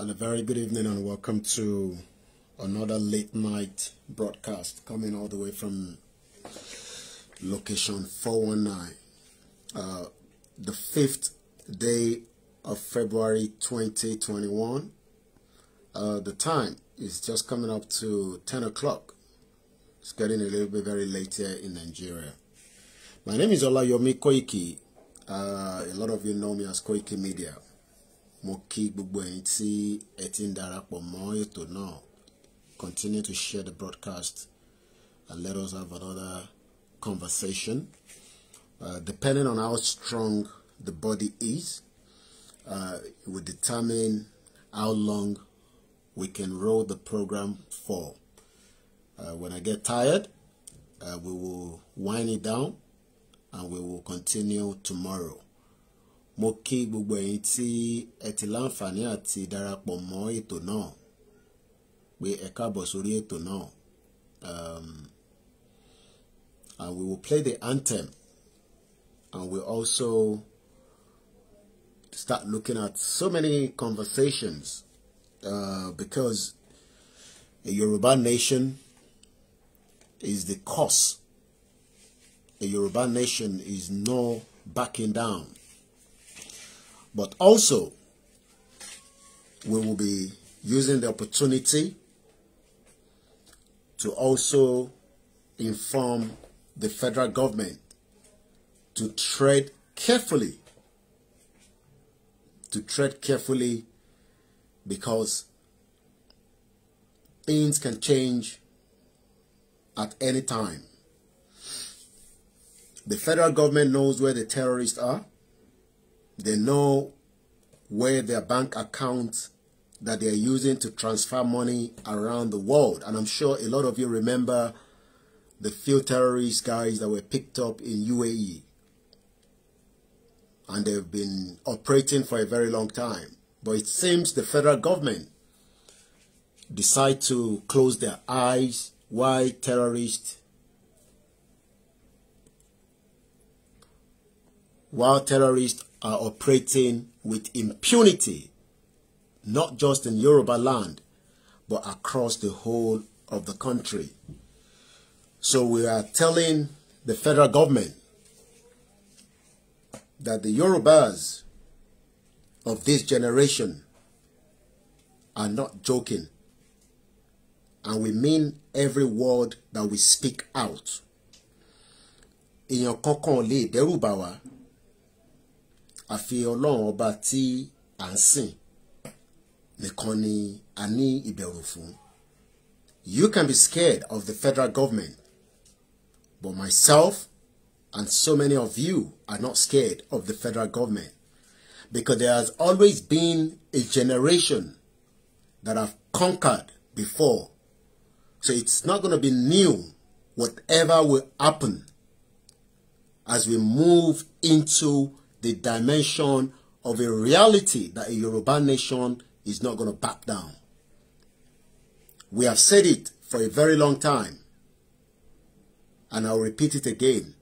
And a very good evening and welcome to another late night broadcast coming all the way from location 419. Uh, the fifth day of February 2021. Uh, the time is just coming up to 10 o'clock. It's getting a little bit very late here in Nigeria. My name is Olayomi Koiki. Uh, a lot of you know me as Koiki Media mo kí gbogbo ẹ̀yin tí ẹ ti ń mọ́ ètò continue to share the broadcast and let us have another conversation uh, depending on how strong the body is uh, it will determine how long we can roll the program for uh, when I get tired uh, we will wind it down and we will continue tomorrow mo kí gbogbo ẹ̀yin tí ẹ ti láǹfààní àti darapọ̀ mọ́ ètò náà pé ẹ káàbọ̀ sórí ètò náà um, and we will play the anthem and we also start looking at so many conversations uh, because a Yoruba nation is the cause. A Yoruba nation is no backing down but also, we will be using the opportunity to also inform the federal government to tread carefully to tread carefully because things can change at any time. The federal government knows where the terrorists are. They know where their bank accounts that they're using to transfer money around the world. And I'm sure a lot of you remember the few terrorist guys that were picked up in UAE. And they've been operating for a very long time. But it seems the federal government decide to close their eyes why terrorists while terrorists are operating with impunity, not just in Yoruba land, but across the whole of the country. So we are telling the federal government that the Yorubas of this generation are not joking. And we mean every word that we speak out. In your ò àfi ọlọ́run ọba tí sìn nìkan ni ìbẹ̀rù fún. You can be scared of the federal government, but myself and so many of you are not scared of the federal government because there has always been a generation that have conquered before. So it's not going to be new, whatever will happen as we move into the dimension of a reality that a Yoruba nation is not going to back down. We have said it for a very long time. And I'll repeat it again.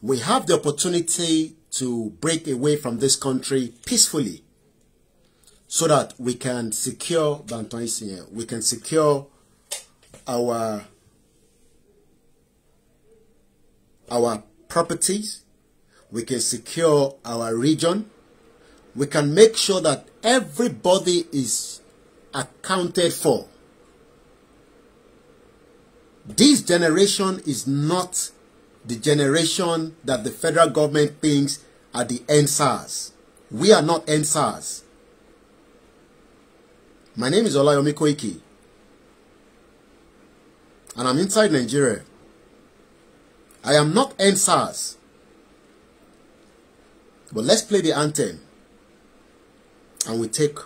We have the opportunity to break away from this country peacefully so that we can secure we can secure our our properties we can secure our region, we can make sure that everybody is accounted for. This generation is not the generation that the federal government thinks are the answers. We are not answers. My name is Olayomi Koiki and I'm inside Nigeria. I am not answers. But let's play the anthem and we take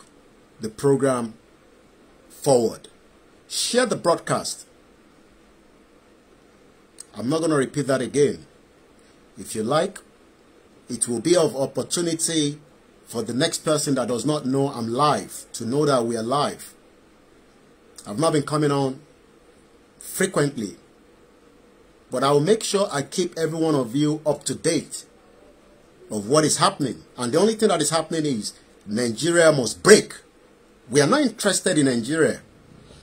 the program forward. Share the broadcast. I'm not going to repeat that again. If you like, it will be of opportunity for the next person that does not know I'm live to know that we are live. I've not been coming on frequently, but I will make sure I keep every one of you up to date of what is happening. And the only thing that is happening is Nigeria must break. We are not interested in Nigeria.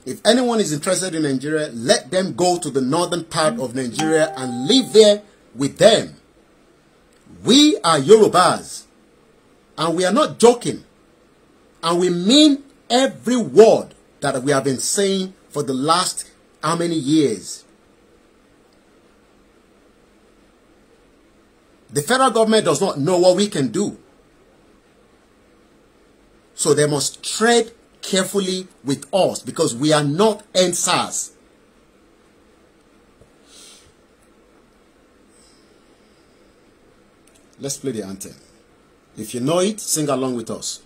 If anyone is interested in Nigeria, let them go to the northern part of Nigeria and live there with them. We are Yorubas. And we are not joking. And we mean every word that we have been saying for the last how many years. The federal government does not know what we can do. So they must tread carefully with us because we are not answers. Let's play the anthem. If you know it, sing along with us.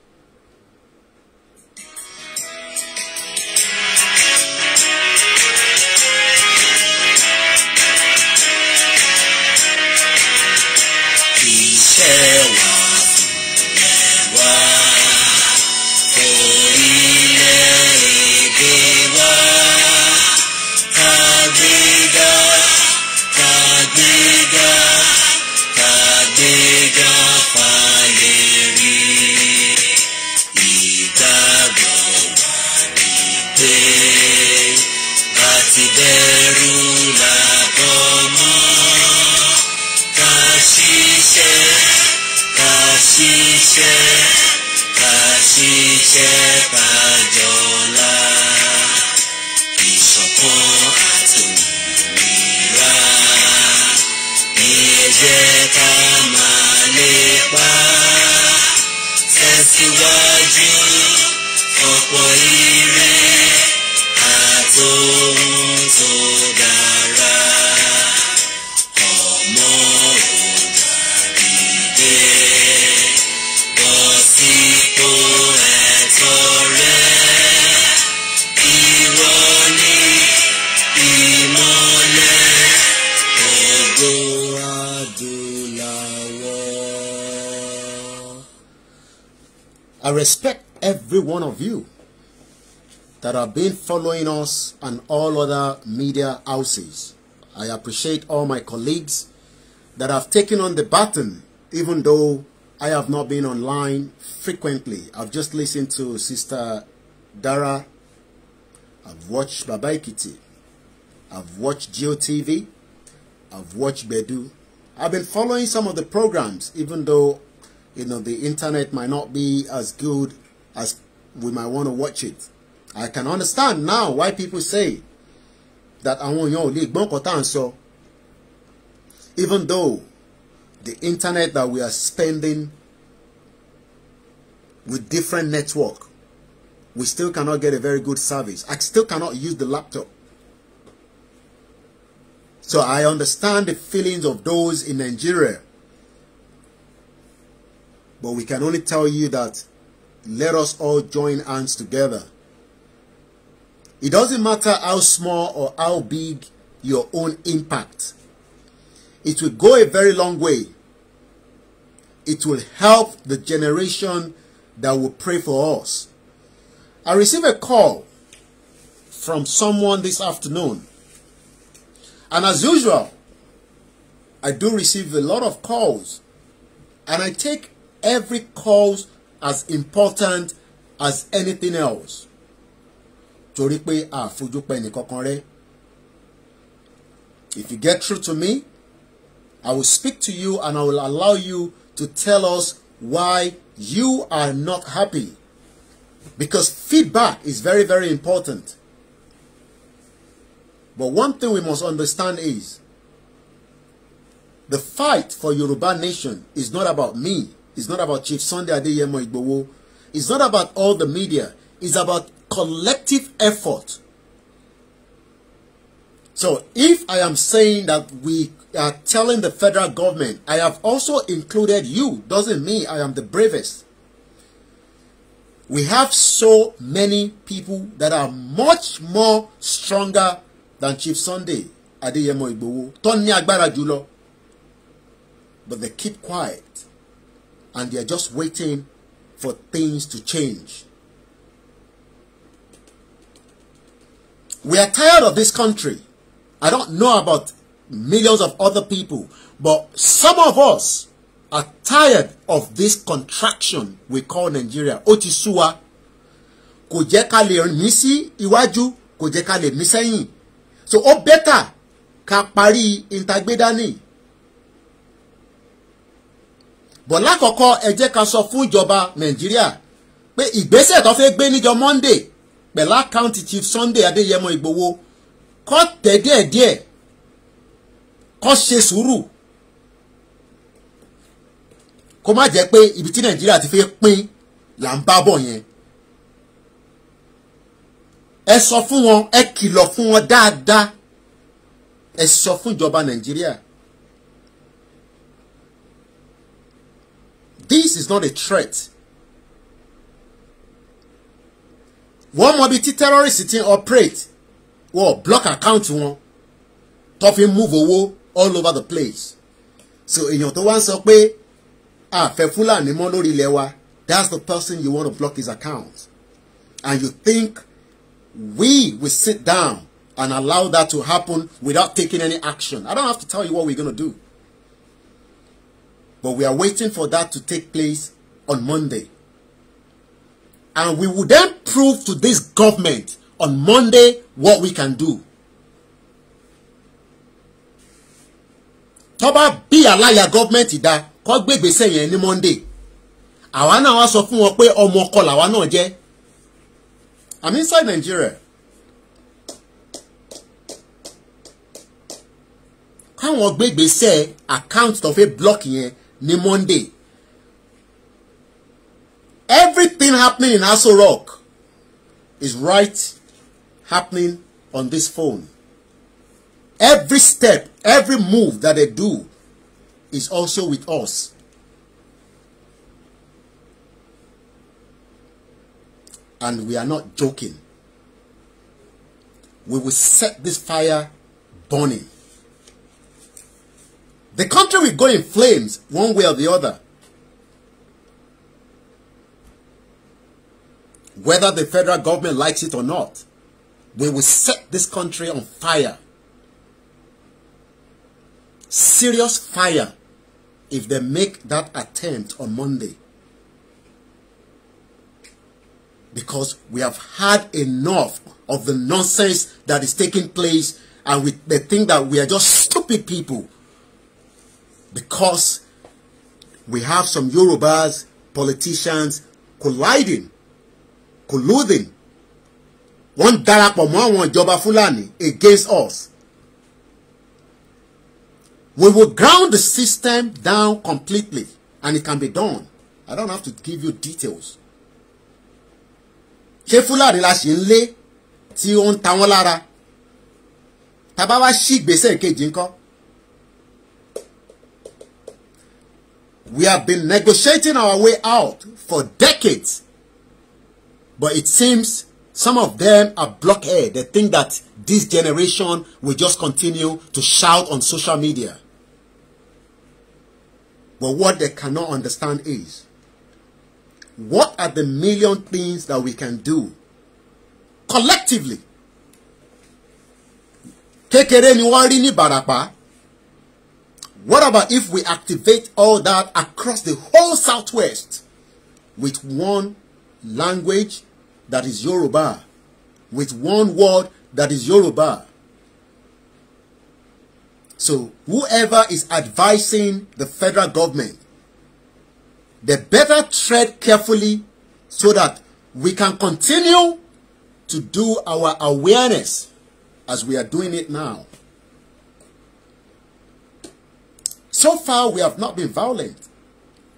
ela. respect every one of you that have been following us and all other media houses. I appreciate all my colleagues that have taken on the baton, even though I have not been online frequently. I've just listened to Sister Dara. I've watched Babaikiti. I've watched GeoTV. I've watched Bedu. I've been following some of the programs, even though you know, the internet might not be as good as we might want to watch it. I can understand now why people say that àwọn want ò lè gbọ́n ń sọ. Even though the internet that we are spending with different network, we still cannot get a very good service. I still cannot use the laptop. So I understand the feelings of those in Nigeria but we can only tell you that let us all join hands together. It doesn't matter how small or how big your own impact. It will go a very long way. It will help the generation that will pray for us. I received a call from someone this afternoon. And as usual, I do receive a lot of calls. And I take every cause as important as anything else torí pé àfojúpẹ́ nìkankan rẹ if you get through to me I will speak to you and I will allow you to tell us why you are not happy because feedback is very very important but one thing we must understand is the fight for Yoruba nation is not about me It's not about Chief Sunday Adeyemo Igbowo. It's not about all the media. It's about collective effort. So if I am saying that we are telling the federal government, I have also included you, doesn't mean I am the bravest. We have so many people that are much more stronger than Chief Sunday Adeyemo Igbowo. Tó ní agbára jùlọ. But they keep quiet. and they are just waiting for things to change. We are tired of this country. I don't know about millions of other people, but some of us are tired of this contraction we call Nigeria. Ó ti sú wa. Kò jẹ́ ká lè mí sí iwájú, kò jẹ́ ká lè mí sẹ́yìn. So ó bẹ́tà ká parí ìtagbédání bọ̀ lákọ̀ọ́kọ́ ẹ jẹ́ ká sọ fún ìjọba nàìjíríà pé ìgbésẹ̀ tó fẹ́ gbé níjọ́ monday pẹ̀lú county chief sunday adéyẹmọ ìgbòho kọ́ tẹ̀ díẹ̀díẹ̀ kọ́ ṣe sùúrù kó má jẹ́ pé ibi tí nàìjíríà ti fẹ́ pín là ń bá bọ̀ yẹn ẹ sọ fún wọn ẹ kìlọ̀ fún wọn dáadáa ẹ sọ fún ìjọba nàìjíríà. This is not a threat. One mọ ibi terrorist sitting operate wọ́n block account one, tó fi move away all over the place. So in your wá ń sọ pé àfẹ́ Fúlàní mọ́ lórí ilẹ̀ wa that's the person you want to block his account. And you think we will sit down and allow that to happen without taking any action. I don't have to tell you what we're going to do. But we are waiting for that to take place on Monday. And we will then prove to this government on Monday what we can do. tó bá bí aláya gọ́ọ̀mẹ̀ntì dá kó gbégbèsè yẹn ní Monday àwa náà wá sọ fún wọn pé ọmọ ọkọ làwa náà jẹ́ I'm inside Nigeria káwọn gbégbèsè account tó fẹ́ block yẹn ní Monday everything happening in Aso Rock is right happening on this phone every step every move that they do is also with us and we are not joking we will set this fire burning the country will go in flames one way or the other. Whether the federal government likes it or not, we will set this country on fire. Serious fire if they make that attempt on Monday. Because we have had enough of the nonsense that is taking place and we, they think that we are just stupid people because we have some Yorubas, politicians colliding, colluding. Wọ́n darapọ̀ mọ́ àwọn ìjọba fulani against us. We will ground the system down completely and it can be done. I don't have to give you details. Ṣé Fúlàní la ṣì ń lé tí ó ń ta wọ́n lára? Tá wá sí ìgbésẹ̀ kejì ńkọ́? We have been negotiating our way out for decades. But it seems some of them are blockhead. They think that this generation will just continue to shout on social media. But what they cannot understand is, what are the million things that we can do collectively? Kékeré ni ní what about if we activate all that across the whole Southwest with one language that is Yoruba, with one word that is Yoruba? So whoever is advising the federal government, they better tread carefully so that we can continue to do our awareness as we are doing it now. So far, we have not been violent.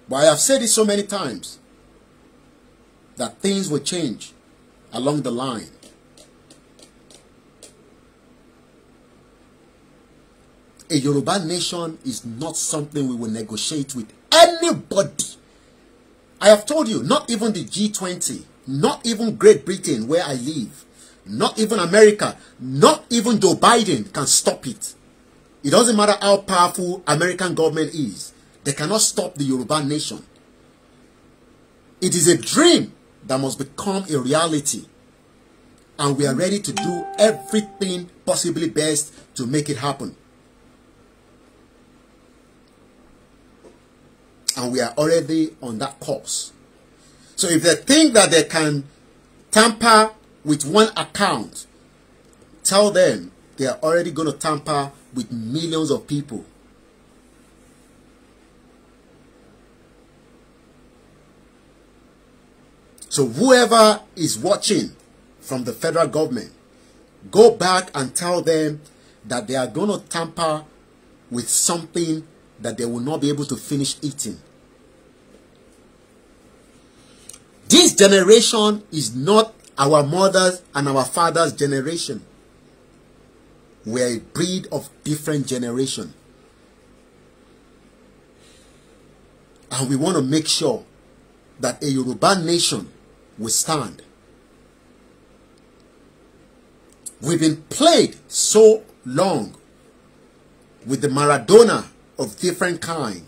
But I have said it so many times that things will change along the line. A Yoruba nation is not something we will negotiate with anybody. I have told you, not even the G20, not even Great Britain where I live, not even America, not even Joe Biden can stop it. It doesn't matter how powerful American government is. They cannot stop the Yoruba nation. It is a dream that must become a reality. And we are ready to do everything possibly best to make it happen. And we are already on that course. So if they think that they can tamper with one account, tell them they are already going to tamper with millions of people. So whoever is watching from the federal government, go back and tell them that they are going to tamper with something that they will not be able to finish eating. This generation is not our mother's and our father's generation. We are a breed of different generation. And we want to make sure that a Yoruba nation will stand. We've been played so long with the Maradona of different kind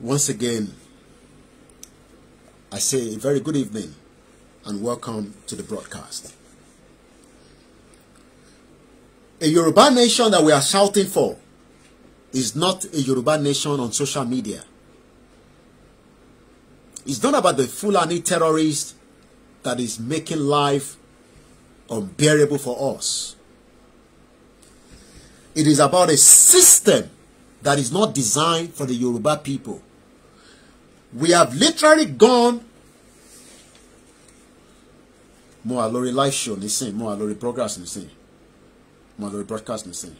Once again, I say a very good evening and welcome to the broadcast. A Yoruba nation that we are shouting for is not a Yoruba nation on social media. It's not about the Fulani terrorist that is making life unbearable for us. It is about a system that is not designed for the Yoruba people. We have literally gone mo wà lórí live show nísìn mo wà lórí progress nísìn mo wà lórí broadcast the same.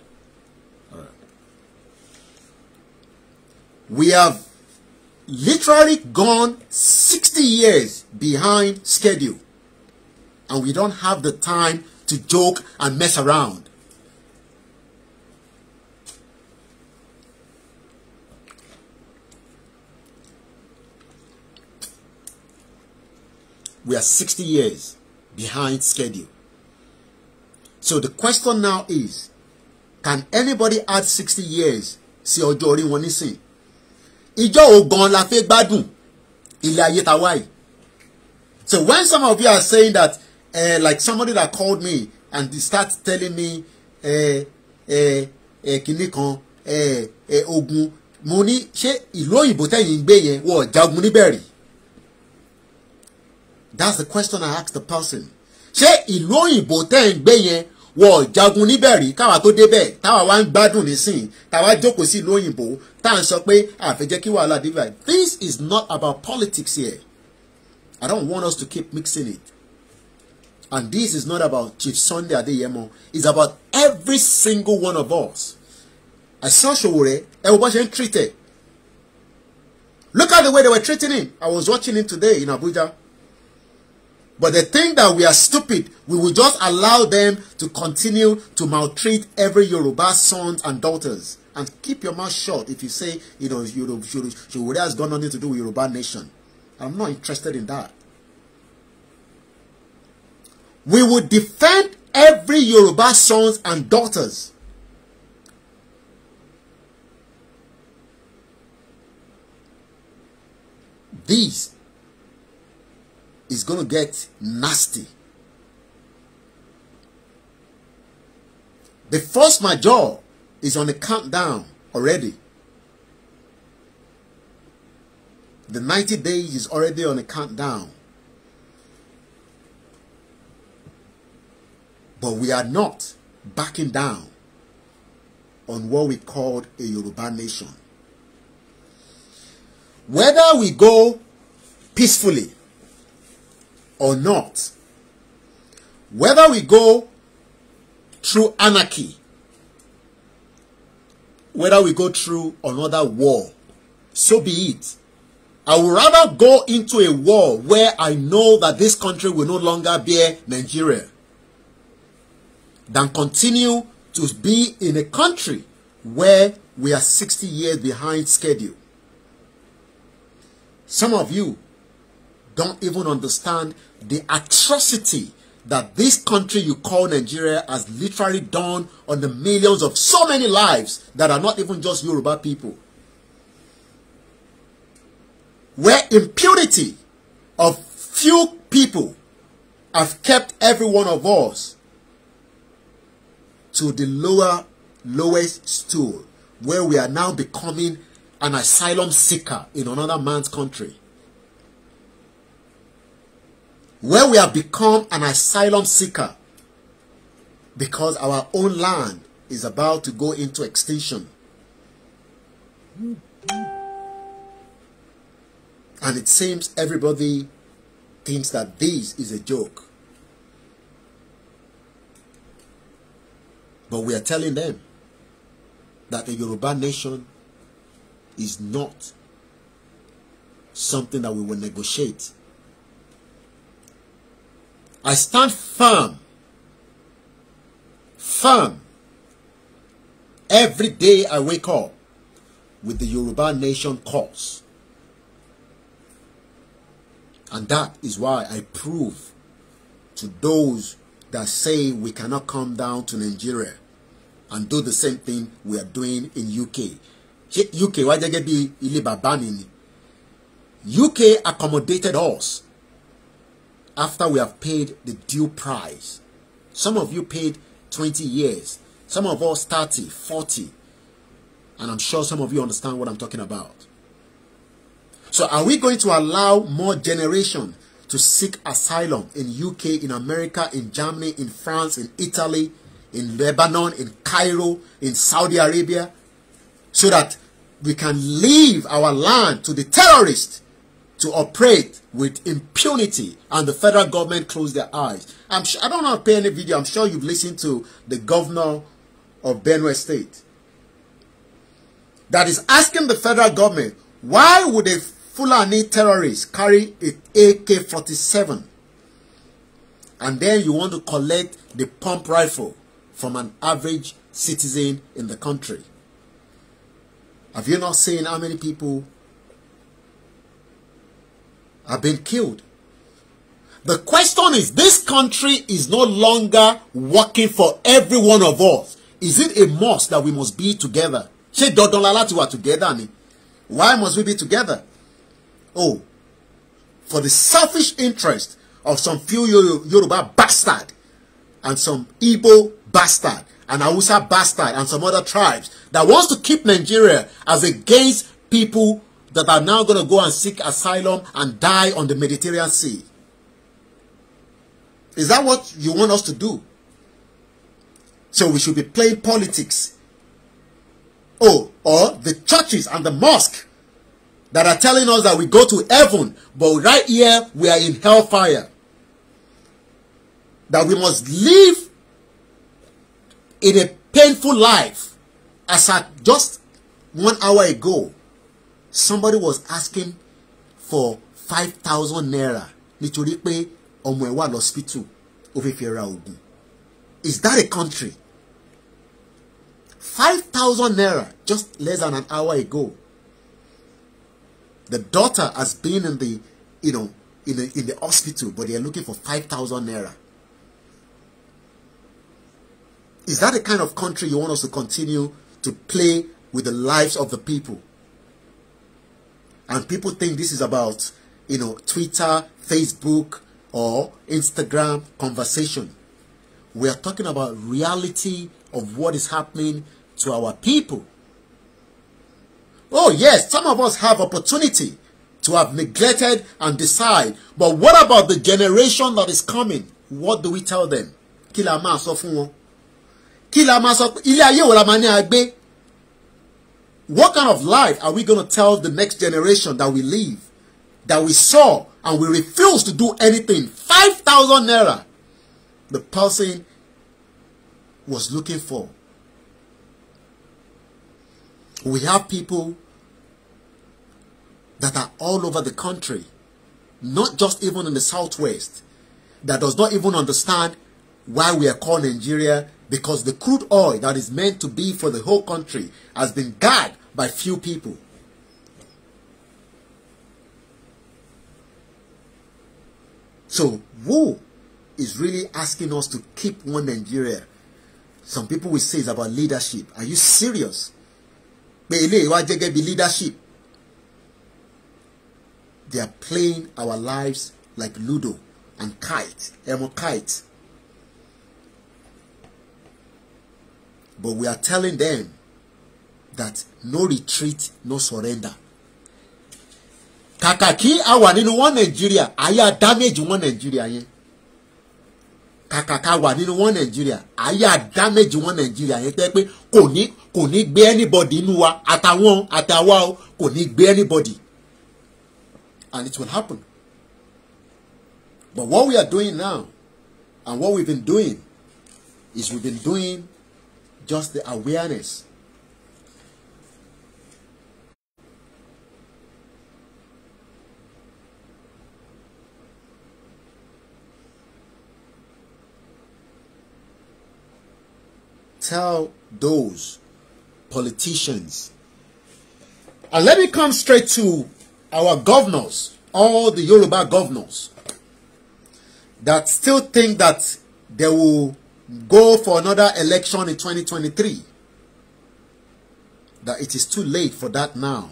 We have literally gone 60 years behind schedule and we don't have the time to joke and mess around. we are 60 years behind schedule. So the question now is, can anybody add 60 years sí ọjọ́ orí wọn nísìn? Ìjọ ògan la fẹ́ gbádùn ilé ayé ta wáyé. So when some of you are saying that, uh, like somebody that called me and they start telling me eh, eh, kìnnì kan ogun, mo ní ṣé ìlú òyìnbó tẹ̀yìn ń gbé yẹn wọ́n jagun níbẹ̀ rí? that's the question I ask the person ṣé ìlú òyìnbó tẹ́ ń gbé yẹn wọ jagun níbẹ̀ rí káwa tó débẹ̀ táwa wá ń gbádùn nísìn táwa jókòó sí ìlú òyìnbó tá à ń sọ pé àfẹ́jẹ́ kí wàhálà dé báyìí this is not about politics here I don't want us to keep mixing it and this is not about Chief Sunday Adeyemo it's about every single one of us àìsàn Sowore ẹ wo bá ṣe ń treat ẹ look at the way they were treating him I was watching him today in Abuja. But they think that we are stupid. We will just allow them to continue to maltreat every Yoruba sons and daughters. And keep your mouth shut if you say, you know, Yoruba, Yoruba, Yoruba has got nothing to do with Yoruba nation. I'm not interested in that. We will defend every Yoruba sons and daughters. These is going to get nasty. The first major is on the countdown already. The 90 days is already on the countdown. But we are not backing down on what we called a Yoruba nation. Whether we go peacefully or not. Whether we go through anarchy, whether we go through another war, so be it. I would rather go into a war where I know that this country will no longer be Nigeria than continue to be in a country where we are 60 years behind schedule. Some of you don't even understand the atrocity that this country you call Nigeria has literally done on the millions of so many lives that are not even just Yoruba people. Where impunity of few people have kept every one of us to the lower, lowest stool where we are now becoming an asylum seeker in another man's country where we have become an asylum seeker because our own land is about to go into extinction. And it seems everybody thinks that this is a joke. But we are telling them that the Yoruba nation is not something that we will negotiate I stand firm, firm. Every day I wake up with the Yoruba nation cause. And that is why I prove to those that say we cannot come down to Nigeria and do the same thing we are doing in UK. UK, why they get be UK accommodated us after we have paid the due price. Some of you paid 20 years, some of us 30, 40. And I'm sure some of you understand what I'm talking about. So are we going to allow more generation to seek asylum in UK, in America, in Germany, in France, in Italy, in Lebanon, in Cairo, in Saudi Arabia, so that we can leave our land to the terrorists to operate with impunity and the federal government closed their eyes. I'm sure, I don't want to pay any video. I'm sure you've listened to the governor of Benue State that is asking the federal government, why would a Fulani terrorist carry an AK-47 and then you want to collect the pump rifle from an average citizen in the country? Have you not seen how many people have been killed. The question is, this country is no longer working for every one of us. Is it a must that we must be together? Ṣé dandan la láti wà together ni? Why must we be together? Oh, for the selfish interest of some few Yoruba bastard and some Igbo bastard and Hausa bastard and some other tribes that wants to keep Nigeria as against people that are now going to go and seek asylum and die on the Mediterranean Sea. Is that what you want us to do? So we should be playing politics. Oh, or the churches and the mosque that are telling us that we go to heaven, but right here we are in hellfire. That we must live in a painful life. As I just one hour ago, somebody was asking for five thousand naira nítorí pé ọmọ ẹ̀ wà hospital ó a fi is that a country five thousand naira just less than an hour ago the daughter has been in the you know in the in the hospital but they are looking for five thousand naira is that the kind of country you want us to continue to play with the lives of the people? and people think this is about you know Twitter, Facebook, or Instagram conversation. We are talking about reality of what is happening to our people. Oh yes, some of us have opportunity to have neglected and decide. But what about the generation that is coming? What do we tell them? Kí la máa sọ fún wọn? Kí la máa sọ ilé ayé wo la máa ní agbé? What kind of life are we going to tell the next generation that we live, that we saw, and we refuse to do anything? 5,000 naira. The person was looking for. We have people that are all over the country, not just even in the southwest, that does not even understand why we are called Nigeria because the crude oil that is meant to be for the whole country has been gagged by few people. So who is really asking us to keep one Nigeria? Some people will say it's about leadership. Are you serious? Pé wá leadership. They are playing our lives like Ludo and kite, ẹmọ kite. But we are telling them that no retreat, no surrender. Kàkà kí a wà nínú one Nigeria, àyà damage one Nigeria yẹn. Kàkà ká wà nínú one Nigeria, àyà damage one Nigeria yẹn pé pé kò ní kò ní gbé anybody inú wa àtàwọn àtàwa o kò ní gbé anybody. And it will happen. But what we are doing now and what we've been doing is we've been doing just the awareness. Tell those politicians. And let me come straight to our governors, all the Yoruba governors, that still think that they will go for another election in 2023. That it is too late for that now.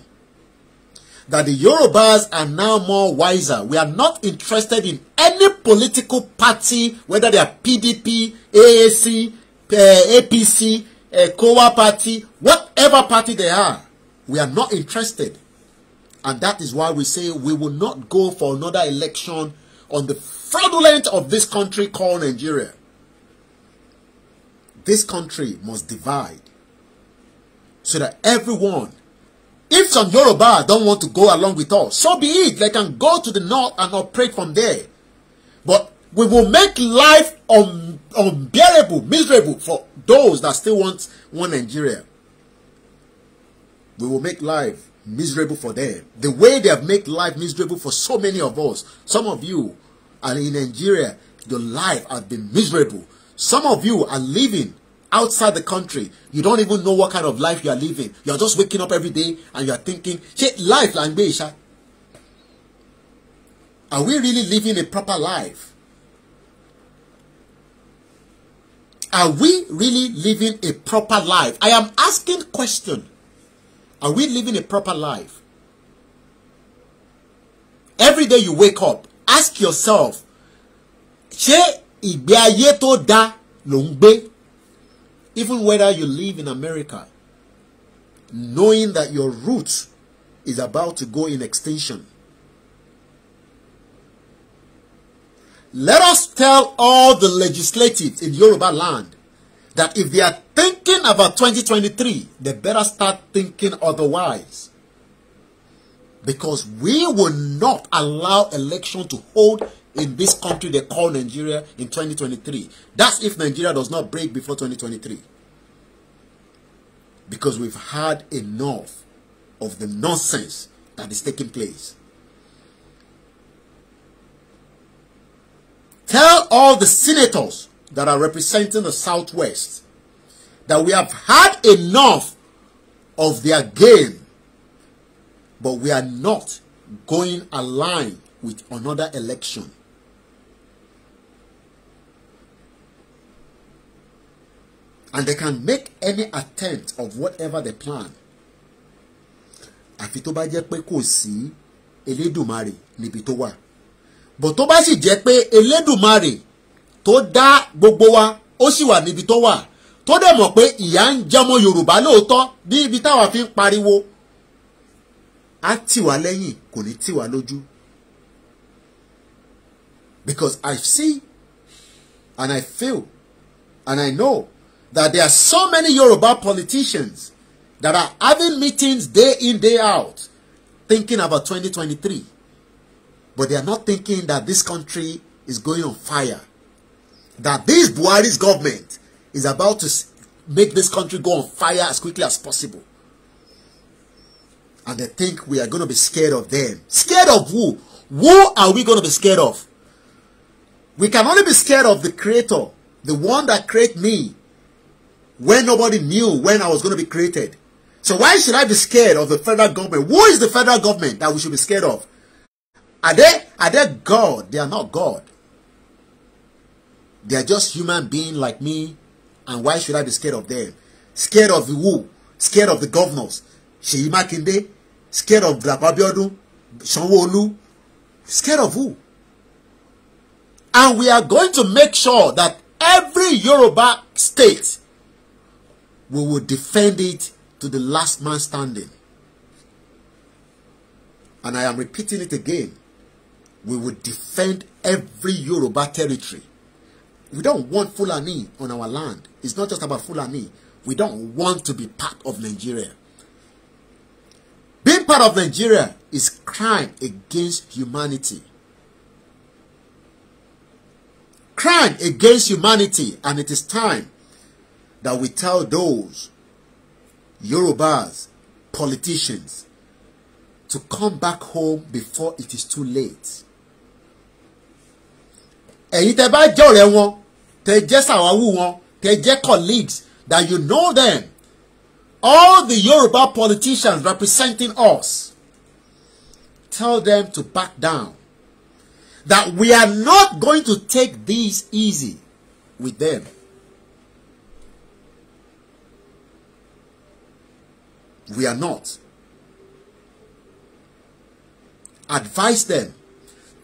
That the Yorubas are now more wiser. We are not interested in any political party, whether they are PDP, AAC, uh, eh, APC, uh, eh, COA party, whatever party they are. We are not interested. And that is why we say we will not go for another election on the fraudulent of this country called Nigeria. This country must divide so that everyone, if some Yoruba don't want to go along with us, so be it. They can go to the north and operate from there. But we will make life un unbearable, miserable for those that still want one Nigeria. We will make life miserable for them. The way they have made life miserable for so many of us. Some of you are in Nigeria. Your life has been miserable some of you are living outside the country. You don't even know what kind of life you are living. You are just waking up every day and you are thinking, hey, life language. Are we really living a proper life? Are we really living a proper life? I am asking question. Are we living a proper life? Every day you wake up, ask yourself, ìgbé ayé tó da ló ń gbé even whether you live in America knowing that your root is about to go in extinction. Let us tell all the legislatives in Yoruba land that if they are thinking about 2023, they better start thinking otherwise. Because we will not allow election to hold in this country they call Nigeria in 2023. That's if Nigeria does not break before 2023. Because we've had enough of the nonsense that is taking place. Tell all the senators that are representing the Southwest that we have had enough of their game, but we are not going aligned with another election. and they can make any attempt of whatever they plan àfi tó bá jẹ́ pé kò sí elédùmarè níbi tó wà bò tó bá sì jẹ́ pé elédùmarè tó dá gbogbo wa ó sì wà níbi tó wà tó dẹ̀ mọ̀ pé ìyà ń jẹmọ yorùbá lóòótọ́ ní ibi táwa fi ń pariwo á tì wá lẹ́yìn kò ní tì wá lójú because I see and I feel and I know that there are so many Yoruba politicians that are having meetings day in, day out, thinking about 2023. But they are not thinking that this country is going on fire. That this Buhari's government is about to make this country go on fire as quickly as possible. And they think we are going to be scared of them. Scared of who? Who are we going to be scared of? We can only be scared of the creator, the one that created me, when nobody knew when I was going to be created. So why should I be scared of the federal government? Who is the federal government that we should be scared of? Are they are they God? They are not God. They are just human beings like me. And why should I be scared of them? Scared of who? Scared of the governors. Seyi kinde? Scared of Dapò Abiodun. Sanwo-Olu. Scared of who? And we are going to make sure that every Yoruba state we will defend it to the last man standing. And I am repeating it again. We will defend every Yoruba territory. We don't want Fulani on our land. It's not just about Fulani. We don't want to be part of Nigeria. Being part of Nigeria is crime against humanity. Crime against humanity and it is time that we tell those Yorubas, politicians, to come back home before it is too late. ẹ̀yin tẹ́ bá jẹ́ ọ̀rẹ́ wọn tẹ́ jẹ́ sàwáwù wọn tẹ́ jẹ́ colleagues that you know them all the Yoruba politicians representing us tell them to back down that we are not going to take this easy with them We are not. Advise them.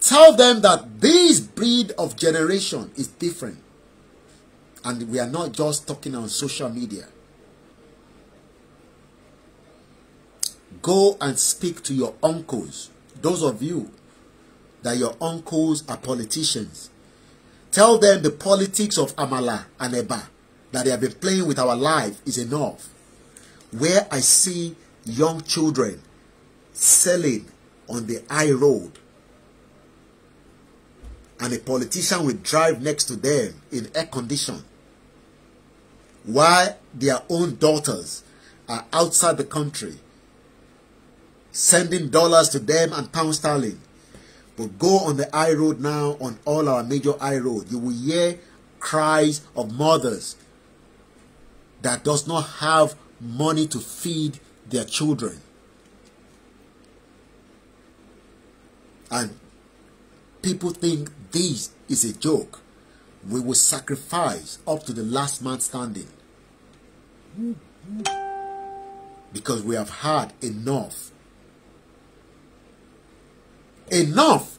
Tell them that this breed of generation is different. And we are not just talking on social media. Go and speak to your uncles. Those of you that your uncles are politicians. Tell them the politics of Amala and Eba that they have been playing with our life is enough where I see young children selling on the high road and a politician will drive next to them in air condition while their own daughters are outside the country sending dollars to them and pound sterling but go on the high road now on all our major high road you will hear cries of mothers that does not have money to feed their children. And people think this is a joke. We will sacrifice up to the last man standing. Because we have had enough. Enough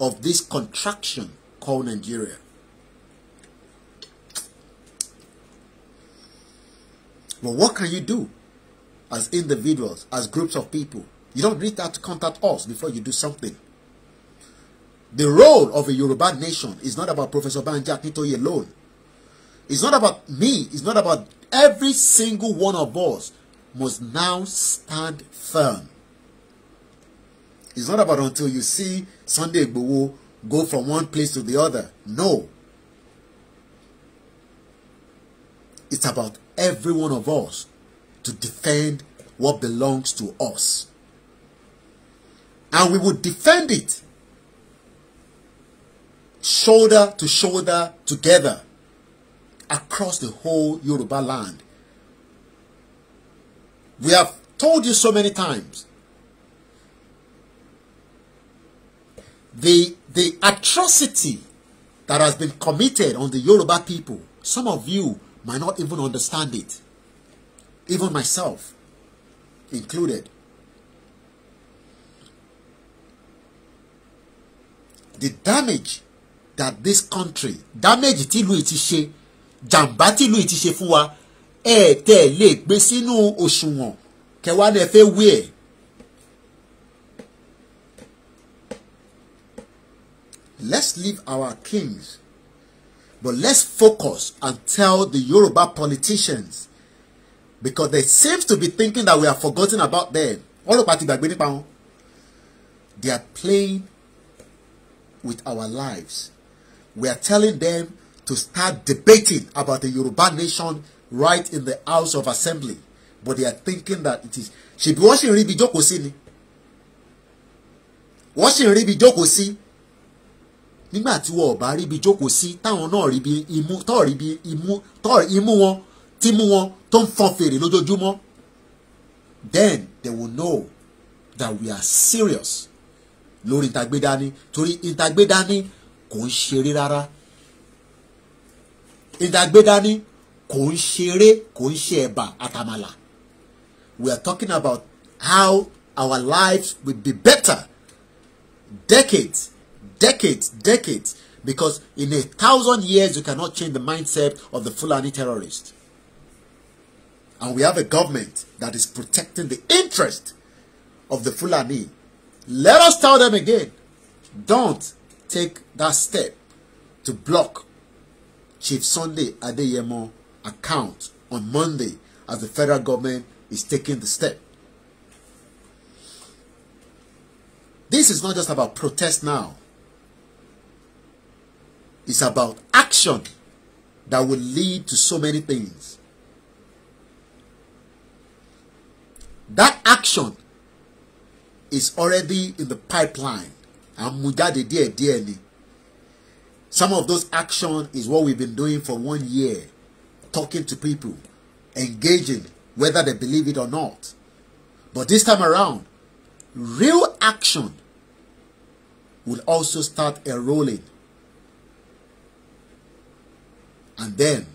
of this contraction called Nigeria. But what can you do as individuals, as groups of people? You don't need that to contact us before you do something. The role of a Yoruba nation is not about Professor Banji Akintoye alone. It's not about me. It's not about every single one of us must now stand firm. It's not about until you see Sunday Igbowo go from one place to the other. No. It's about every one of us to defend what belongs to us. And we would defend it shoulder to shoulder together across the whole Yoruba land. We have told you so many times. The, the atrocity that has been committed on the Yoruba people, some of you might not even understand it, even myself included. The damage that this country damage tí ìlú yìí ti ṣe jàǹbá tí ìlú yìí ti ṣe fún wa ẹ tẹ́ ẹ lè gbé sínú òṣùwọ̀n kẹwàá lè fẹ́ wí ẹ̀. Let's leave our kings But let's focus and tell the Yoruba politicians because they seem to be thinking that we are forgotten about them. Ọlọ́pàá ti gbàgbé nípa wọn. They are playing with our lives. We are telling them to start debating about the Yoruba nation right in the House of Assembly. But they are thinking that it is ṣèbí wọ́n ṣì ń rí ibi jókòó sí ni. Wọ́n nígbà tí wọn ò bá rí jókòó sí táwọn náà rí imú tọ́ rí imú tọ́ imú wọn tí mú wọn tó ń fọn fèrè lójoojúmọ́ then they will know that we are serious lórí ìtagbédání torí ìtagbédání kò ń ṣeré rárá ìtagbédání kò ń ṣeré kò ń ṣe ẹ̀bà àtàmàlà we are talking about how our lives will be better decades decades, decades, because in a thousand years you cannot change the mindset of the Fulani terrorist. And we have a government that is protecting the interest of the Fulani. Let us tell them again, don't take that step to block Chief Sunday Adeyemo account on Monday as the federal government is taking the step. This is not just about protest now. It's about action that will lead to so many things. That action is already in the pipeline. mujade dear dearly. Some of those action is what we've been doing for one year. Talking to people, engaging, whether they believe it or not. But this time around, real action will also start enrolling and then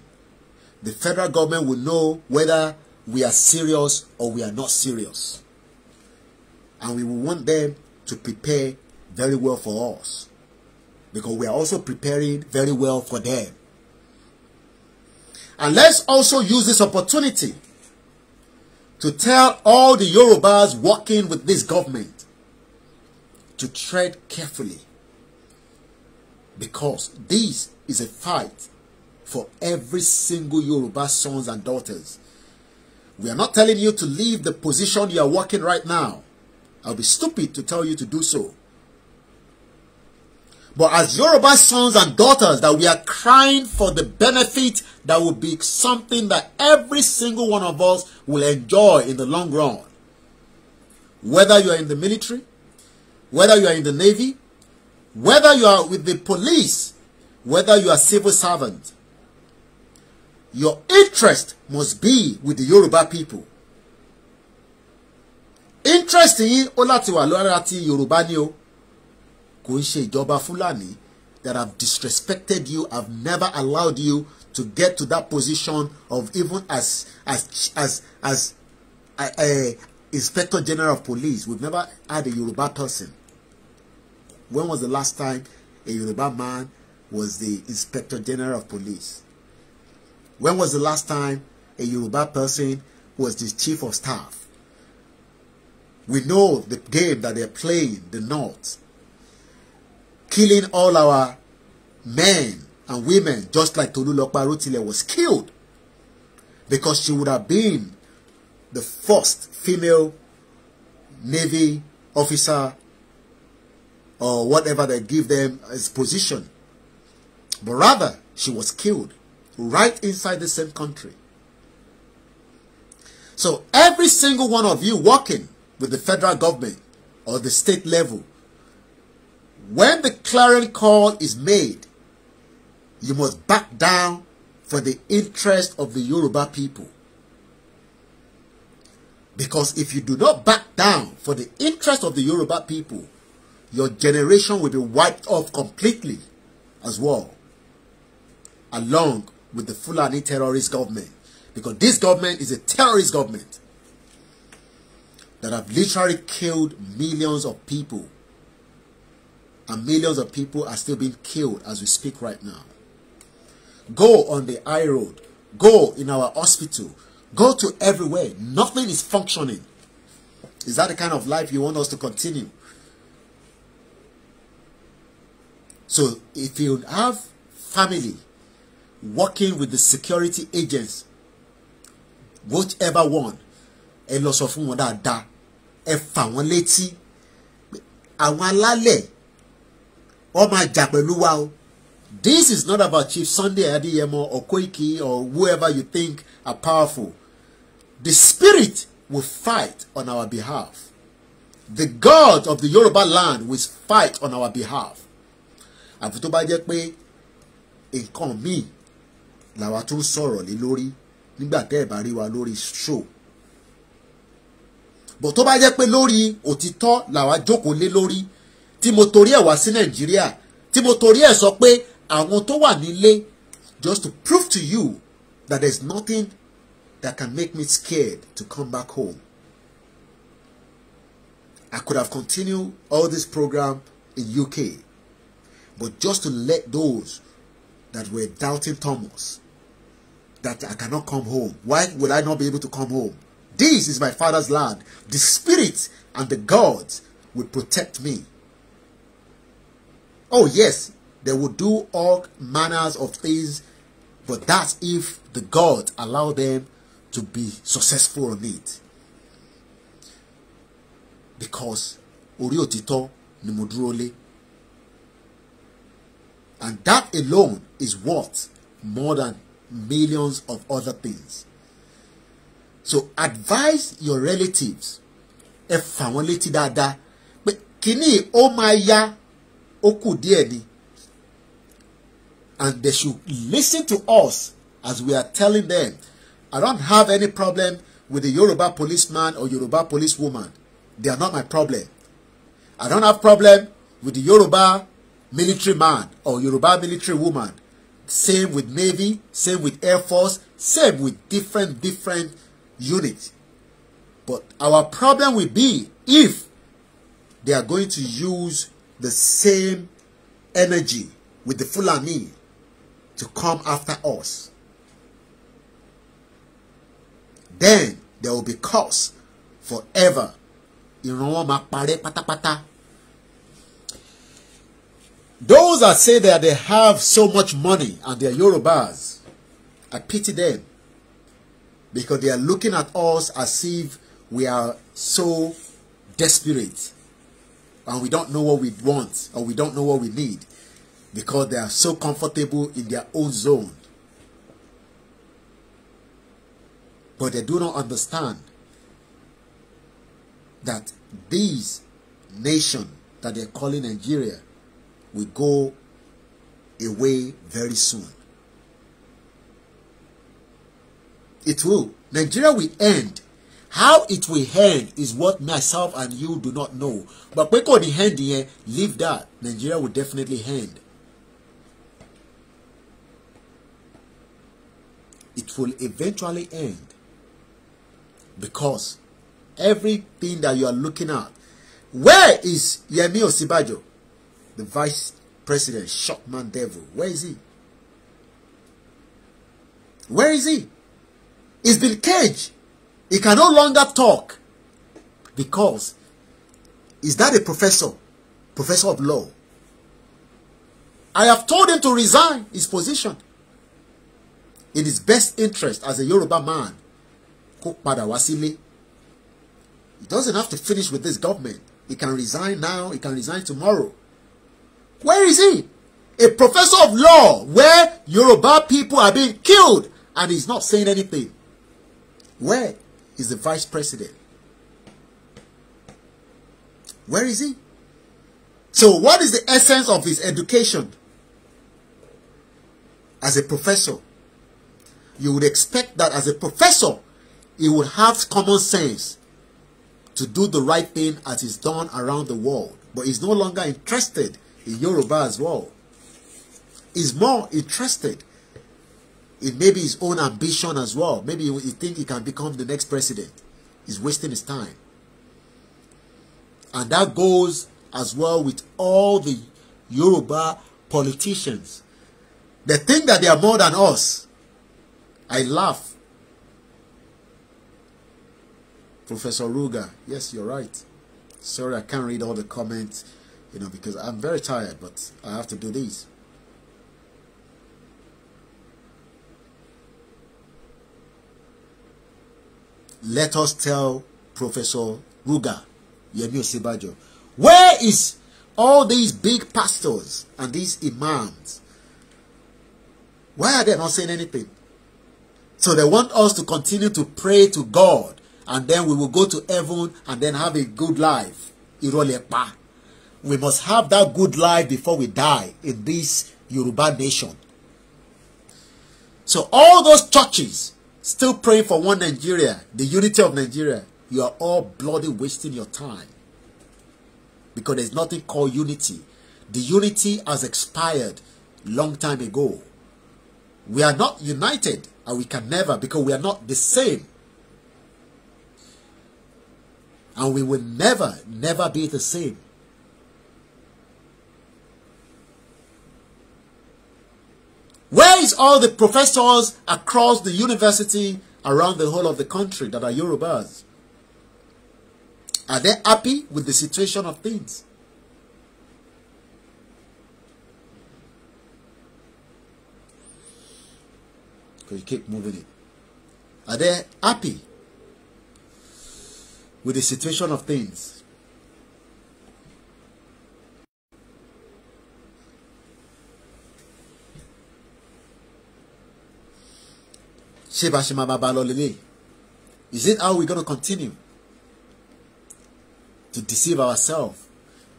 the federal government will know whether we are serious or we are not serious. And we will want them to prepare very well for us. Because we are also preparing very well for them. And let's also use this opportunity to tell all the Yorubas working with this government to tread carefully. Because this is a fight for every single Yoruba sons and daughters. We are not telling you to leave the position you are working right now. I'll be stupid to tell you to do so. But as Yoruba sons and daughters that we are crying for the benefit that will be something that every single one of us will enjoy in the long run. Whether you are in the military, whether you are in the navy, whether you are with the police, whether you are civil servant, Your interest must be with the Yoruba people. Interest yín ó láti wà lọ́ra ti Yorùbá ni o. Kò ń ṣe ìjọba Fúlàní that have disrespected you, have never allowed you to get to that position of even as as as as uh, uh, Inspector General of Police. We've never had a Yoruba person. When was the last time a Yoruba man was the Inspector General of Police? When was the last time a Yoruba person was the chief of staff? We know the game that they're playing, the North. Killing all our men and women, just like Tolu Lokbarutile was killed. Because she would have been the first female Navy officer or whatever they give them as position. But rather, she was killed right inside the same country. So every single one of you working with the federal government or the state level, when the clarion call is made, you must back down for the interest of the Yoruba people. Because if you do not back down for the interest of the Yoruba people, your generation will be wiped off completely as well, along with the Fulani terrorist government. Because this government is a terrorist government that have literally killed millions of people. And millions of people are still being killed as we speak right now. Go on the high road. Go in our hospital. Go to everywhere. Nothing is functioning. Is that the kind of life you want us to continue? So if you have family working with the security agents whatever one ẹ lọ sọ fún wọn dáadáa ẹ fà wọn létí àwọn alálẹ̀ wọn máa jà pẹ̀lú wa o this is not about Chief Sunday Adeyemo or Koiki or whoever you think are powerful the spirit will fight on our behalf the God of the Yoruba land will fight on our behalf àfi tó bá jẹ́ pé nǹkan míì làwa tún sọ̀rọ̀ lé lórí nígbà tẹ́ ẹ̀ bá rí wa lórí show bọ̀ tó bá jẹ́ pé lórí òtítọ́ làwa jókòó lé lórí tí mo torí ẹ̀ wá sí nàìjíríà tí mo torí ẹ̀ sọ pé àwọn tó wà nílé just to prove to you that there is nothing that can make me scared to come back home. I could have continued all this program in UK, but just to let those that were doubting Thomas that I cannot come home. Why will I not be able to come home? This is my father's land. The spirit and the gods will protect me. Oh, yes, they will do all manners of things, but that's if the gods allow them to be successful on it. Because uriotito And that alone is worth more than millions of other things. So advise your relatives ẹ fà wọ́n létí dáadáa pé kínní ó máa yá ó kù díẹ̀ ni and they should listen to us as we are telling them I don't have any problem with the Yoruba policeman or Yoruba policewoman they are not my problem I don't have problem with the Yoruba military man or Yoruba military woman same with Navy, same with Air Force, same with different, different units. But our problem will be if they are going to use the same energy with the Fulani to come after us. Then there will be cause forever. Ìran máa parẹ́ pátápátá. Those that say that they have so much money and they're Yorubas, I pity them because they are looking at us as if we are so desperate and we don't know what we want or we don't know what we need because they are so comfortable in their own zone. But they do not understand that this nation that they're calling Nigeria will go away very soon. It will. Nigeria will end. How it will end is what myself and you do not know. But we call the end here. leave that. Nigeria will definitely end. It will eventually end. Because everything that you are looking at, where is Yemi Osibajo? the vice president, Shockman Devil. Where is he? Where is he? He's been caged. He can no longer talk because is that a professor? Professor of law. I have told him to resign his position. In his best interest as a Yoruba man, kó padà wá sílé. He doesn't have to finish with this government. He can resign now, he can resign tomorrow. Where is he? A professor of law where Yoruba people are being killed and he's not saying anything. Where is the vice president? Where is he? So what is the essence of his education? As a professor, you would expect that as a professor, he would have common sense to do the right thing as is done around the world. But he's no longer interested Yoruba as well, is more interested in maybe his own ambition as well. Maybe he, he think he can become the next president. He's wasting his time. And that goes as well with all the Yoruba politicians. They think that they are more than us. I laugh. Professor Ruga, yes, you're right. Sorry, I can't read all the comments you know, because I'm very tired, but I have to do these. Let us tell Professor Ruga, Yemi Osibajo, where is all these big pastors and these imams? Why are they not saying anything? So they want us to continue to pray to God and then we will go to heaven and then have a good life. Irolepa we must have that good life before we die in this Yoruba nation. So all those churches still praying for one Nigeria, the unity of Nigeria, you are all bloody wasting your time. Because there's nothing called unity. The unity has expired long time ago. We are not united and we can never because we are not the same. And we will never, never be the same. Where is all the professors across the university around the whole of the country that are Yorubas? Are they happy with the situation of things? Because you keep moving it. Are they happy with the situation of things? is it how we are gonna continue to deceive ourselves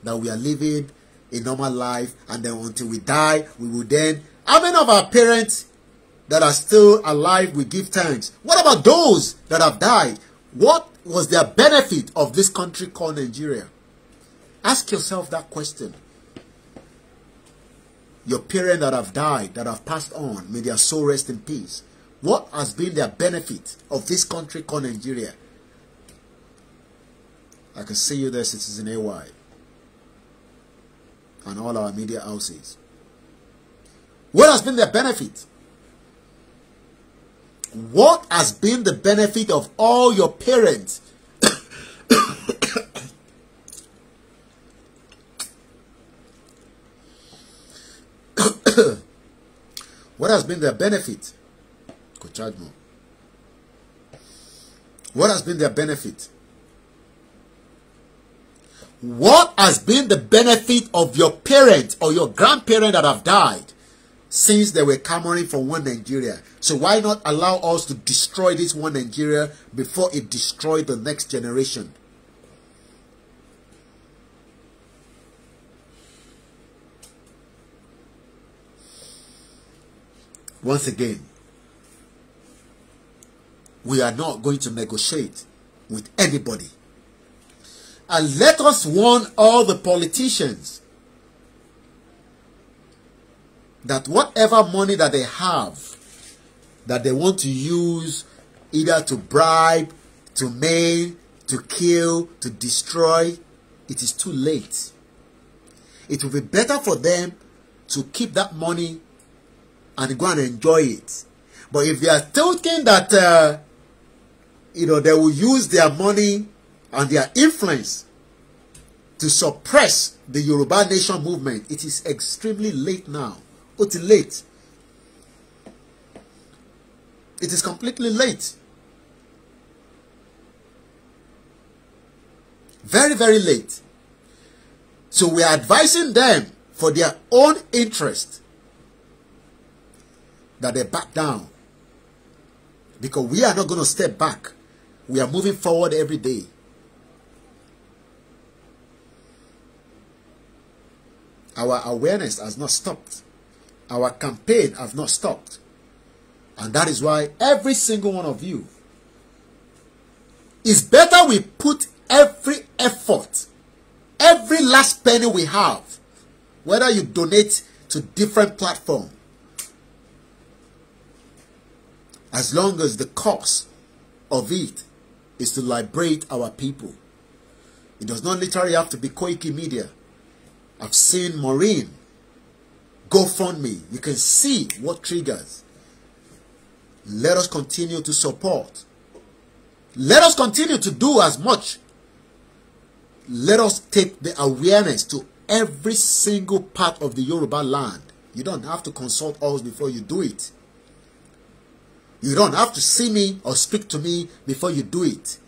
that we are living a normal life and then until we die we will then how many of our parents that are still alive we give thanks what about those that have died what was their benefit of this country called Nigeria ask yourself that question your parents that have died, that have passed on, may their soul rest in peace. What has been the benefit of this country called Nigeria? I can see you there, Citizen AY, and all our media houses. What has been the benefit? What has been the benefit of all your parents? what has been the benefit charge more. What has been their benefit? What has been the benefit of your parents or your grandparents that have died since they were coming from one Nigeria? So why not allow us to destroy this one Nigeria before it destroys the next generation? Once again, we are not going to negotiate with anybody. And let us warn all the politicians that whatever money that they have that they want to use either to bribe, to maim, to kill, to destroy, it is too late. It will be better for them to keep that money and go and enjoy it. But if they are thinking that uh, you know, they will use their money and their influence to suppress the Yoruba nation movement. It is extremely late now. It's late. It is completely late. Very, very late. So we are advising them for their own interest that they back down. Because we are not going to step back we are moving forward every day. Our awareness has not stopped. Our campaign has not stopped. And that is why every single one of you, is better we put every effort, every last penny we have, whether you donate to different platform, as long as the cost of it is to liberate our people. It does not literally have to be Koiki Media. I've seen Maureen. me. You can see what triggers. Let us continue to support. Let us continue to do as much. Let us take the awareness to every single part of the Yoruba land. You don't have to consult us before you do it. You don't have to see me or speak to me before you do it.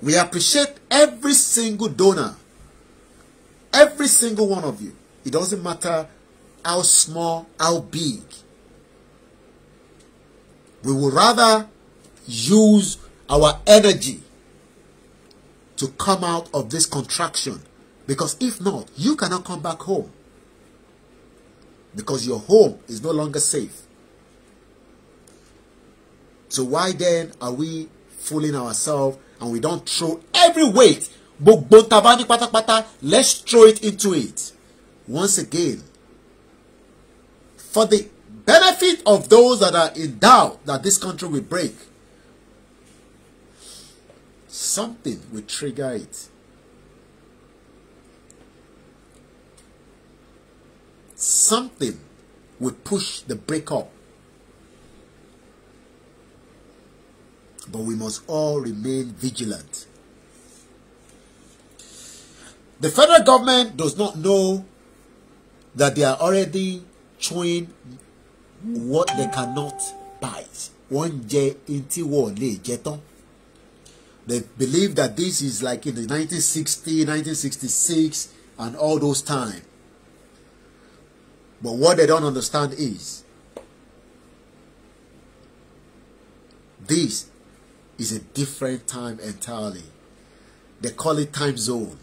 We appreciate every single donor. Every single one of you. It doesn't matter how small, how big. We would rather use our energy to come out of this contraction. Because if not, you cannot come back home. Because your home is no longer safe. So why then are we fooling ourselves and we don't throw every weight gbogbo tabani pátápátá let's throw it into it once again for the benefit of those that are in doubt that this country will break something will trigger it something will push the break up. but we must all remain vigilant. The federal government does not know that they are already chewing what they cannot buy. One jẹ into wo They believe that this is like in the 1960, 1966 and all those times. But what they don't understand is this is a different time entirely. They call it time zone.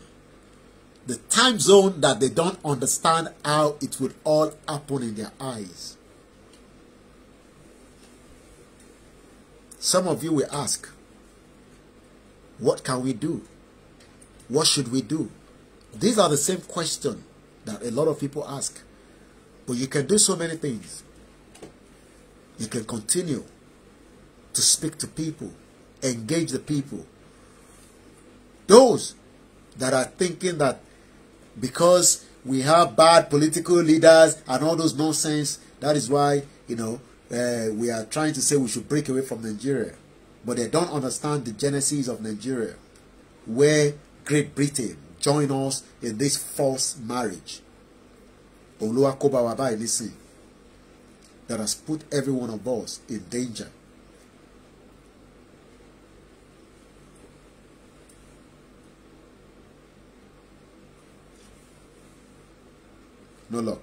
The time zone that they don't understand how it would all happen in their eyes. Some of you will ask, what can we do? What should we do? These are the same question that a lot of people ask. But you can do so many things. You can continue to speak to people engage the people. Those that are thinking that because we have bad political leaders and all those nonsense, that is why, you know, uh, we are trying to say we should break away from Nigeria. But they don't understand the genesis of Nigeria, where Great Britain joined us in this false marriage. Oluwakoba Wabai, listen, that has put every one of us in danger. No luck.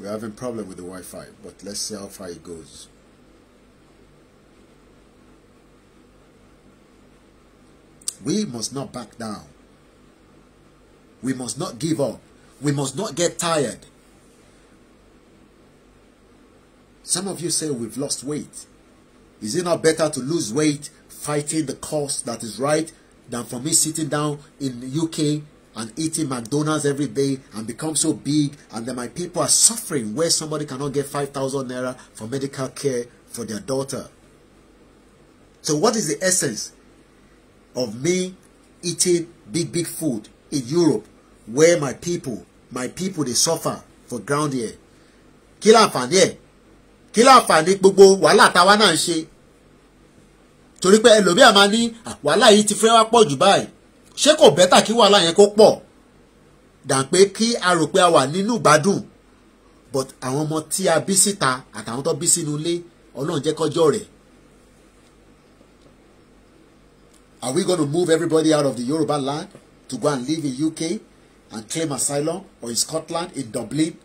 We're having problem with the Wi-Fi, but let's see how far it goes. We must not back down. We must not give up. We must not get tired. Some of you say we've lost weight. Is it not better to lose weight fighting the cause that is right than for me sitting down in the UK and eating McDonald's every day and become so big and then my people are suffering where somebody cannot get 5,000 naira for medical care for their daughter. So what is the essence of me eating big, big food in Europe where my people, my people they suffer for ground here? Kí láǹfààní ẹ̀? Kí láǹfààní gbogbo wàhálà táwa náà ń Torí pé ẹlòmíà máa ní ah, wàhálà yìí ti fẹ́ wá pọ̀ jù báyìí ṣé kò bẹ́tà kí wàhálà yẹn kó pọ̀ dà pé kí a rò pé a wà nínú ìgbádùn but àwọn ọmọ tí a bí síta àtàwọn tó bí sínú ilé ọlọ́run jẹ́ kọjọ́ rẹ̀ Are we going to move everybody out of the Yoruba land to go and live in UK and claim asylum or in Scotland, in Dublin?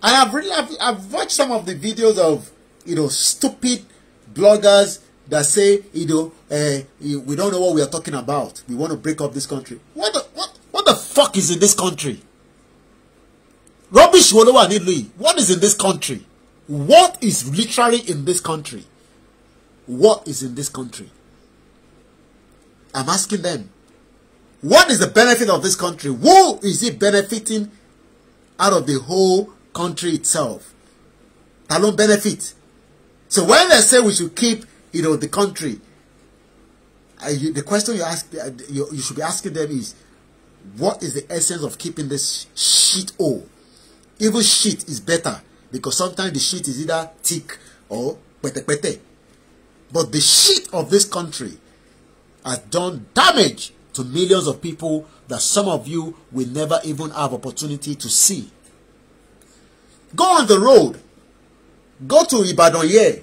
I have really, I've, I've watched some of the videos of, you know, stupid bloggers that say, you know, uh, we don't know what we are talking about. We want to break up this country. What the, what, what the fuck is in this country? Rubbish wo ló wà What is in this country? What is literally in this country? What is in this country? I'm asking them. What is the benefit of this country? Who is it benefiting out of the whole country itself? Ta ló benefit? So when they say we should keep you know, the country. you, the question you ask, uh, you, you should be asking them is, what is the essence of keeping this shit hole? Even shit is better because sometimes the shit is either thick or pete pete. But the shit of this country has done damage to millions of people that some of you will never even have opportunity to see. Go on the road. Go to Ibadan here.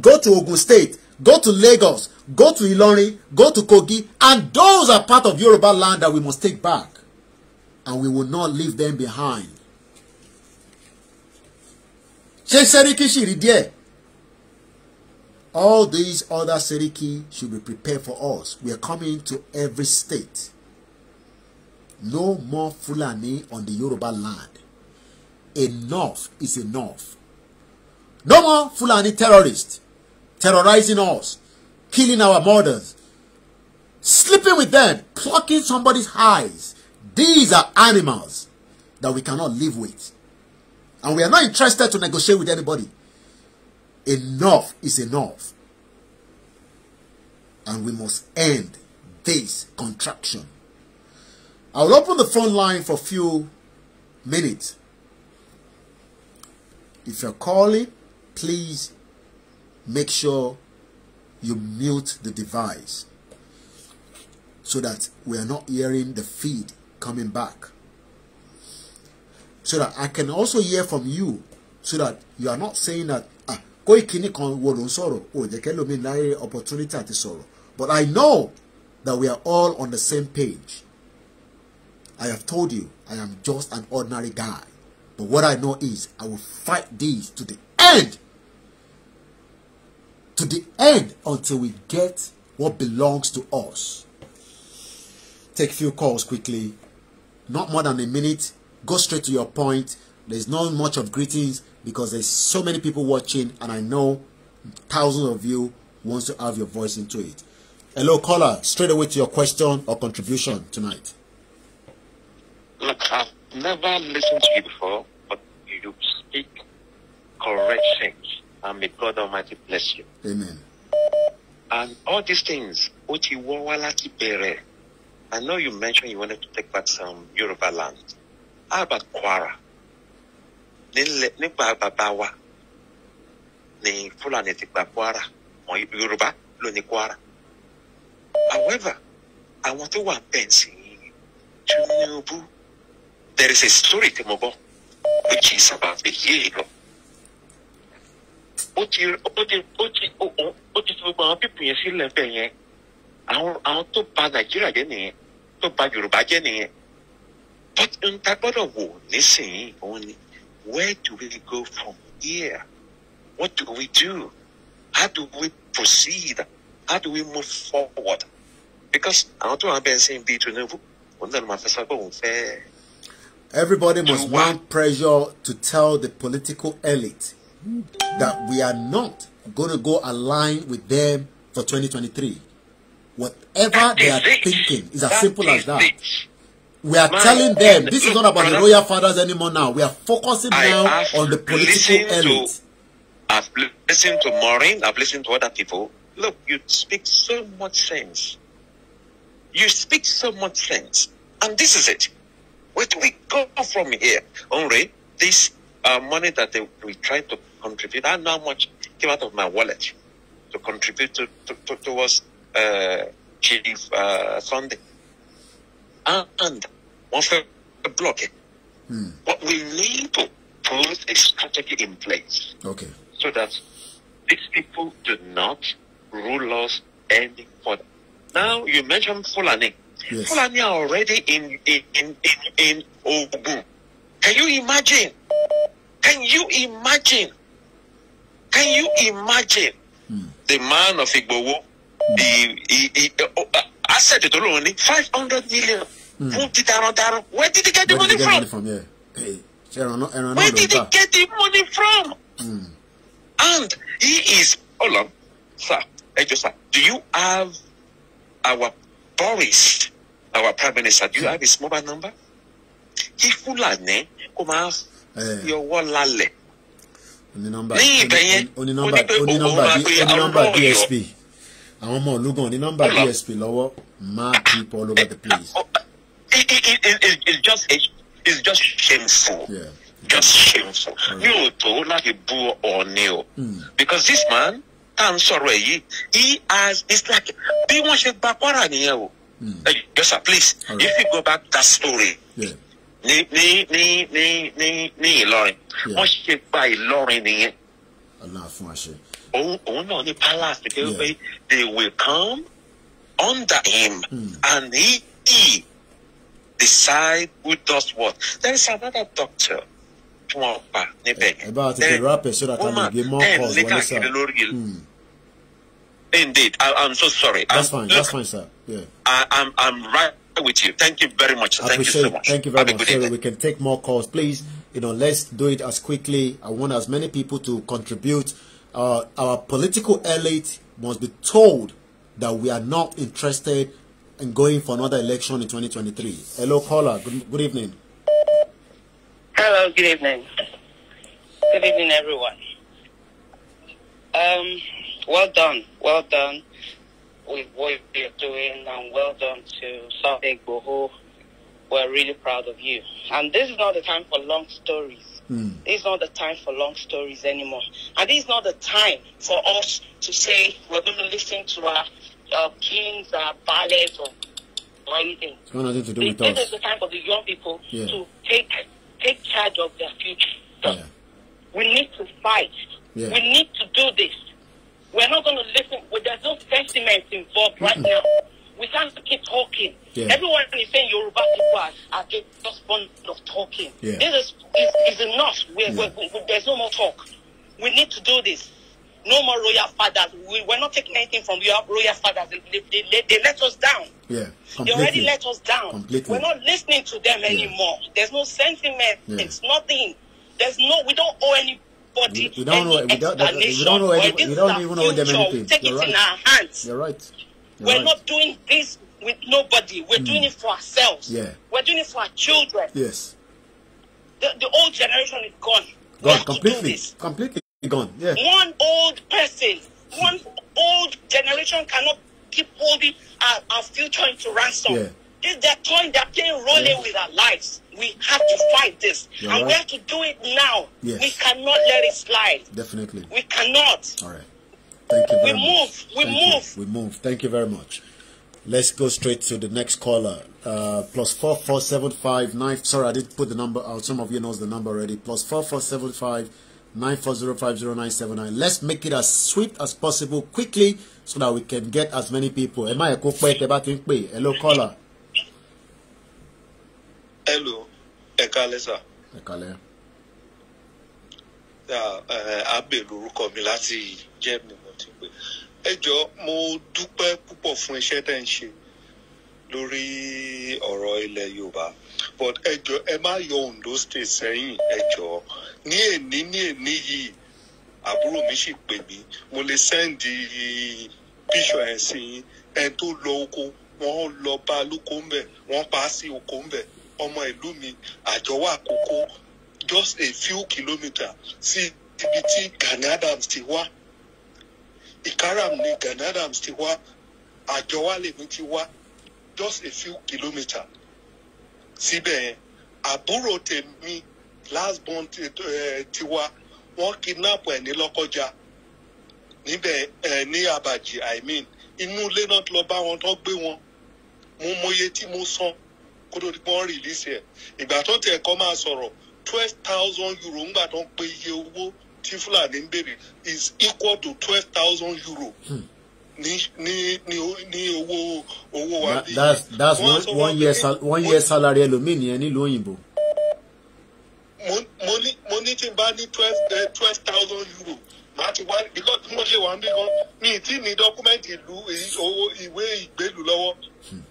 Go to Ogun State. go to Lagos, go to Ilorin, go to Kogi, and those are part of Yoruba land that we must take back. And we will not leave them behind. Ṣé Sẹ́ríkì ṣì rí díẹ̀? All these other Seriki should be prepared for us. We are coming to every state. No more Fulani on the Yoruba land. Enough is enough. No more Fulani terrorists. terrorizing us, killing our mothers, sleeping with them, plucking somebody's eyes. These are animals that we cannot live with. And we are not interested to negotiate with anybody. Enough is enough. And we must end this contraction. I'll open the phone line for a few minutes. If you're calling, please make sure you mute the device so that we are not hearing the feed coming back. So that I can also hear from you so that you are not saying that ah kini kon wo lo soro o je ke opportunity ati soro but I know that we are all on the same page. I have told you I am just an ordinary guy but what I know is I will fight this to the end to the end until we get what belongs to us. Take few calls quickly, not more than a minute. Go straight to your point. There's not much of greetings because there's so many people watching, and I know thousands of you wants to have your voice into it. Hello, caller. Straight away to your question or contribution tonight. Look, I've never listened to you before, but you speak correct things and may God Almighty bless you. Amen. And all these things, I know you mentioned you wanted to take back some Yoruba land. How about Kwara? Nígbà bàbá wa ni Fulani ti Quara, Kwara, Yorùbá ló ní Quara. However, want tó wà to Tinubu, there is a story to mo which is about the hero. ó ti ó ti ó ti ó ti fi gbogbo àwọn pípù yẹn sílẹ̀ bẹ́ẹ̀ yẹn àwọn àwọn tó bà nàìjíríà jẹ́ nìyẹn tó bà yorùbá jẹ́ nìyẹn but n ta gbọ́dọ̀ wò nísìnyí òun ni where do we go from here what do we do how do we proceed how do we move forward because àwọn tó wà bẹ́ẹ̀ sẹ́yìn bíi Tinubu òun náà ló máa fẹ́ sọ pé òun fẹ́. Everybody must mount pressure to tell the political elite that we are not going to go aligned with them for 2023. Whatever they are it. thinking is as that simple is as that. It. We are telling them this is not about brother, the royal fathers anymore now. We are focusing I now on the political elite. To, I've listened to Maureen, I've listened to other people. Look, you speak so much sense. You speak so much sense. And this is it. Where do we go from here? Only this uh, money that they, we try to contribute. I know how much came out of my wallet to contribute to, to, to, towards uh, GD uh, funding. And, once we block it, hmm. what we need to put a strategy in place. Okay. So that these people do not rule us any further. Now, you mentioned Fulani. Yes. Fulani are already in, in, in, in, in Ogu. Can you imagine? Can you imagine Can you imagine mm. the man of Igbowo? Mm. The he, he, oh, uh, asset tó lóun ní five hundred million hmm. fún ti darandaran. Where did he get the money from? Where did he get the money from? And he is hold on, sir. Hey, just, sir, do you have our Boris, our Prime Minister? Do you hmm. have his mobile number? Kí Fúlàní kò máa eh. fi ọwọ́ lálẹ̀ ní nọ́mbà ní ìbẹ̀yẹn oní nọ́mbà oní nọ́mbà oní nọ́mbà DSP àwọn ọmọ olúgan oní nọ́mbà DSP lọ́wọ́ mad people all over the place. Oh, oh, oh, it, it, it, it's just it's just shameful. Yeah. Just shameful. Mi ò tó láti bú Ọọ̀ni o. Hmm. Because this man tá n sọ̀rọ̀ ẹ̀ yìí he has it's like bí wọ́n ṣe gba Kwara nìyẹn o. Hmm. Yes sir please right. if you go back that story. Yeah ní ní ní ní ní ní Ìlọrin wọ́n ṣe gba Ìlọrin nìyẹn. Allah àṣẹ. òun òun náà ní palace pé pé they will come under him mm. and he he decide who does what. there is another doctor tí wọ́n pa níbẹ̀ yẹn. ẹ bá a ti fi rap ẹ sọ́dọ̀ kan lè gbé mọ́ calls wọlé sá. Hmm. indeed I, I'm so sorry. that's I'm, fine look, that's fine sir. Yeah. I, I'm I'm right. with you. Thank you very much. Thank you so much. It. Thank you very Have much. So we can take more calls, please. You know, let's do it as quickly. I want as many people to contribute. Uh, our political elite must be told that we are not interested in going for another election in 2023. Hello, caller. Good, good evening. Hello. Good evening. Good evening, everyone. Um, well done. Well done with what you're doing and well done to South Boho. We're really proud of you. And this is not the time for long stories. Mm. It's not the time for long stories anymore. And it's not the time for us to say we're going to listen to our, our kings, our ballets, or, or anything. It's got nothing to do with this, us. This is the time for the young people yeah. to take take charge of their future. Yeah. We need to fight. Yeah. We need to do this. We're not going to listen. there's no sentiment involved right now. We can't keep talking. Yeah. Everyone is saying Yoruba people are, are just fond of talking. Yeah. This is, is, is enough. We're, yeah. we're, we're, there's no more talk. We need to do this. No more royal fathers. We, we're not taking anything from your royal fathers. They, they, they, they let us down. Yeah, completely. they already let us down. Completely. We're not listening to them anymore. There's no sentiment. It's nothing. There's no. We don't owe any anybody we don't any know, we don't, explanation. Don't, we don't, we don't even know them anything. Take You're it right. our hands. You're right. You're We're right. not doing this with nobody. We're mm. doing it for ourselves. Yeah. We're doing it for our children. Yes. The, the old generation is gone. Gone completely. Completely gone. Yeah. One old person, hmm. one old generation cannot keep holding our, our future into ransom. Yeah. This they're they're playing yes. with our lives. We have to fight this. You're and right. we have to do it now. Yes. We cannot let it slide. Definitely. We cannot. All right. Thank you very we much. We move. We Thank move. You. We move. Thank you very much. Let's go straight to the next caller. Uh, plus four four seven five nine. Sorry, I did put the number out. Some of you knows the number already. Plus four four seven five nine four zero five zero nine seven nine. Let's make it as sweet as possible, quickly, so that we can get as many people. Am I a cook? Hello, caller. hello ẹ kálẹ́ sà. ẹ kálẹ́. abẹ lorúkọ mi láti Germany mo ti pè ẹ jọ mo dúpẹ́ púpọ̀ fún iṣẹ́ tẹ́ ń ṣe lórí ọ̀rọ̀ ilẹ̀ Yorùbá but ẹ jọ ẹ má yọ Ondo state sẹ́yìn ẹ jọ ní èní ní èní yìí àbúrò mi sì pè mí mo lè sẹ́ndì píṣọ ẹ̀ sí ẹ tó lọ oko wọ́n lọ bá lóko ńbẹ̀ wọ́n pa á sí oko ńbẹ̀ ọmọ ìlú mi àjọwọ́ àkókò just a few kilometer sí ibi tí Gani Adams ti wá ìkáràm ni Gani Adams ti wá àjọwọ́ lèmi ti wá just a few kilometer síbẹ̀ yẹn àbúrò tèmi last born tiwa eh, wọ́n kidnap ẹ̀ ní Lọ́kọ́jà níbẹ̀ ẹ̀ eh, ní Àbàjì I mean inú ilé náà lọ bá wọn tó gbé wọn mo mọye tí mo san kó tó di pọ́n rìlíìsì ẹ̀ ìgbà tó tẹ̀ kọ́ máa sọ̀rọ̀ twelve thousand euro ńgbà tó ń pe iye owó tí fúlàní ń béèrè is equal to twelve thousand euro. Hmm. ní ní ní ní owó owó wa that's that's one one year sal one year salary ẹlòmíì nìyẹn nílùú òyìnbó. mo ní tí n bá ní eh, twelve thousand euro màá ti wá because mo ṣe wà ń bí gan mi ì tí ní dọ́kúmẹ́ǹtì ìlú owó ìwé ìgbélú lọ́wọ́ hmm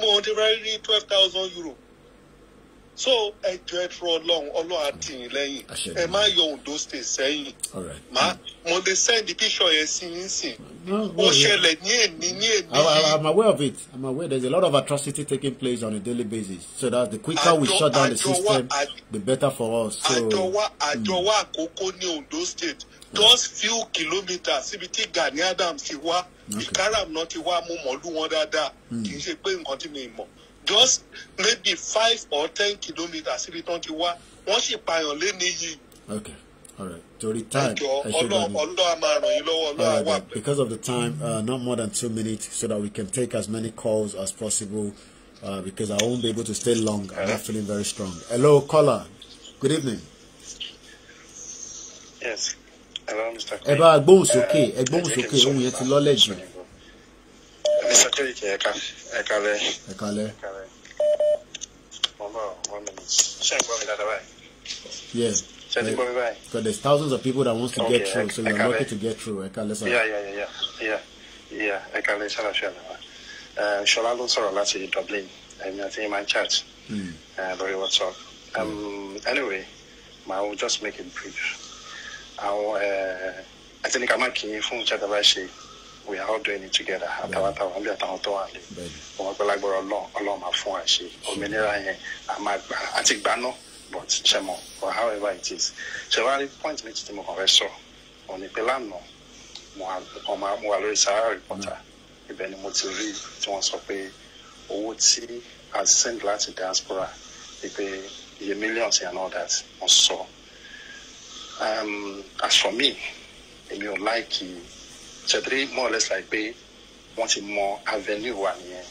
mo ti rẹ́ twelve thousand euro so ẹ ẹ tọrọ Ọlọ́run Ọlọ́run àti yín lẹ́yìn ẹ má yọ Ondo state sẹ́yìn má mo lè send picture yẹn sí yín sìn ó ṣẹlẹ̀ ní èní ní èní. I'm aware of it I'm aware there's a lot of atrocity taking place on a daily basis so that the quicker we shut down the system the better for us. àjọwà àjọwà hmm. àkókò ní Ondo state just few kilometres síbi tí Gani Adams ti wá karam náà ti wá mú mọ̀ọ́lù wọn dáadáa kì í ṣe pé nǹkan tí mi mọ̀ just maybe five or ten kilometres síbi tán ti wá wọ́n sì pààyàn lé níyì. okay all right torí time ẹ ṣe bá mi all right because of the time uh, not more than two minutes so that we can take as many calls as possible uh, because I won't be able to stay long I'm not uh-huh. feeling very strong hello caller good evening. yes. ẹ bá gbóhùn sókè ẹ gbóhùn sókè ohun yẹn ti lọ́lẹ̀ jù. Mr. Kiriki ẹ̀ka ẹ̀ka lẹ. ẹ̀ka lẹ. ṣé ń yes. ṣé ń gbọ́ because there's thousands of people that wants to okay, get through so you're lucky to get through ẹ̀ka lẹ listen. yeah yeah yeah yeah yeah I ẹ̀ka lẹ ṣàlàyé àlàyé ṣọlá ló sọ̀rọ̀ in Dublin I'm not in my chat hmm. eh, lórí WhatsApp. Um, anyway, I will just make it brief. àwọn àti ní ká má kí fún iṣẹ́ bá ṣe we are all doing it together àtàwọn àtàwọn bí àtàwọn tó wà lé wọn pẹ́ lágbára ọlọ́run máa fún wa ṣe òmìnira yẹn a máa gbà àti gbà but ṣe mọ or however it is ṣe wá rí point méjì tí mo kàn fẹ́ sọ òun ni pé lánàá mo wà lórí Sahara reporter ibẹ̀ ni mo ti rí tí wọ́n sọ pé owó tí a send láti diaspora pé iye millions and all that wọ́n sọ. So, um, as for me èmi ò láìkì ṣètìrí more or pé wọ́n ti mọ avenue wa nìyẹn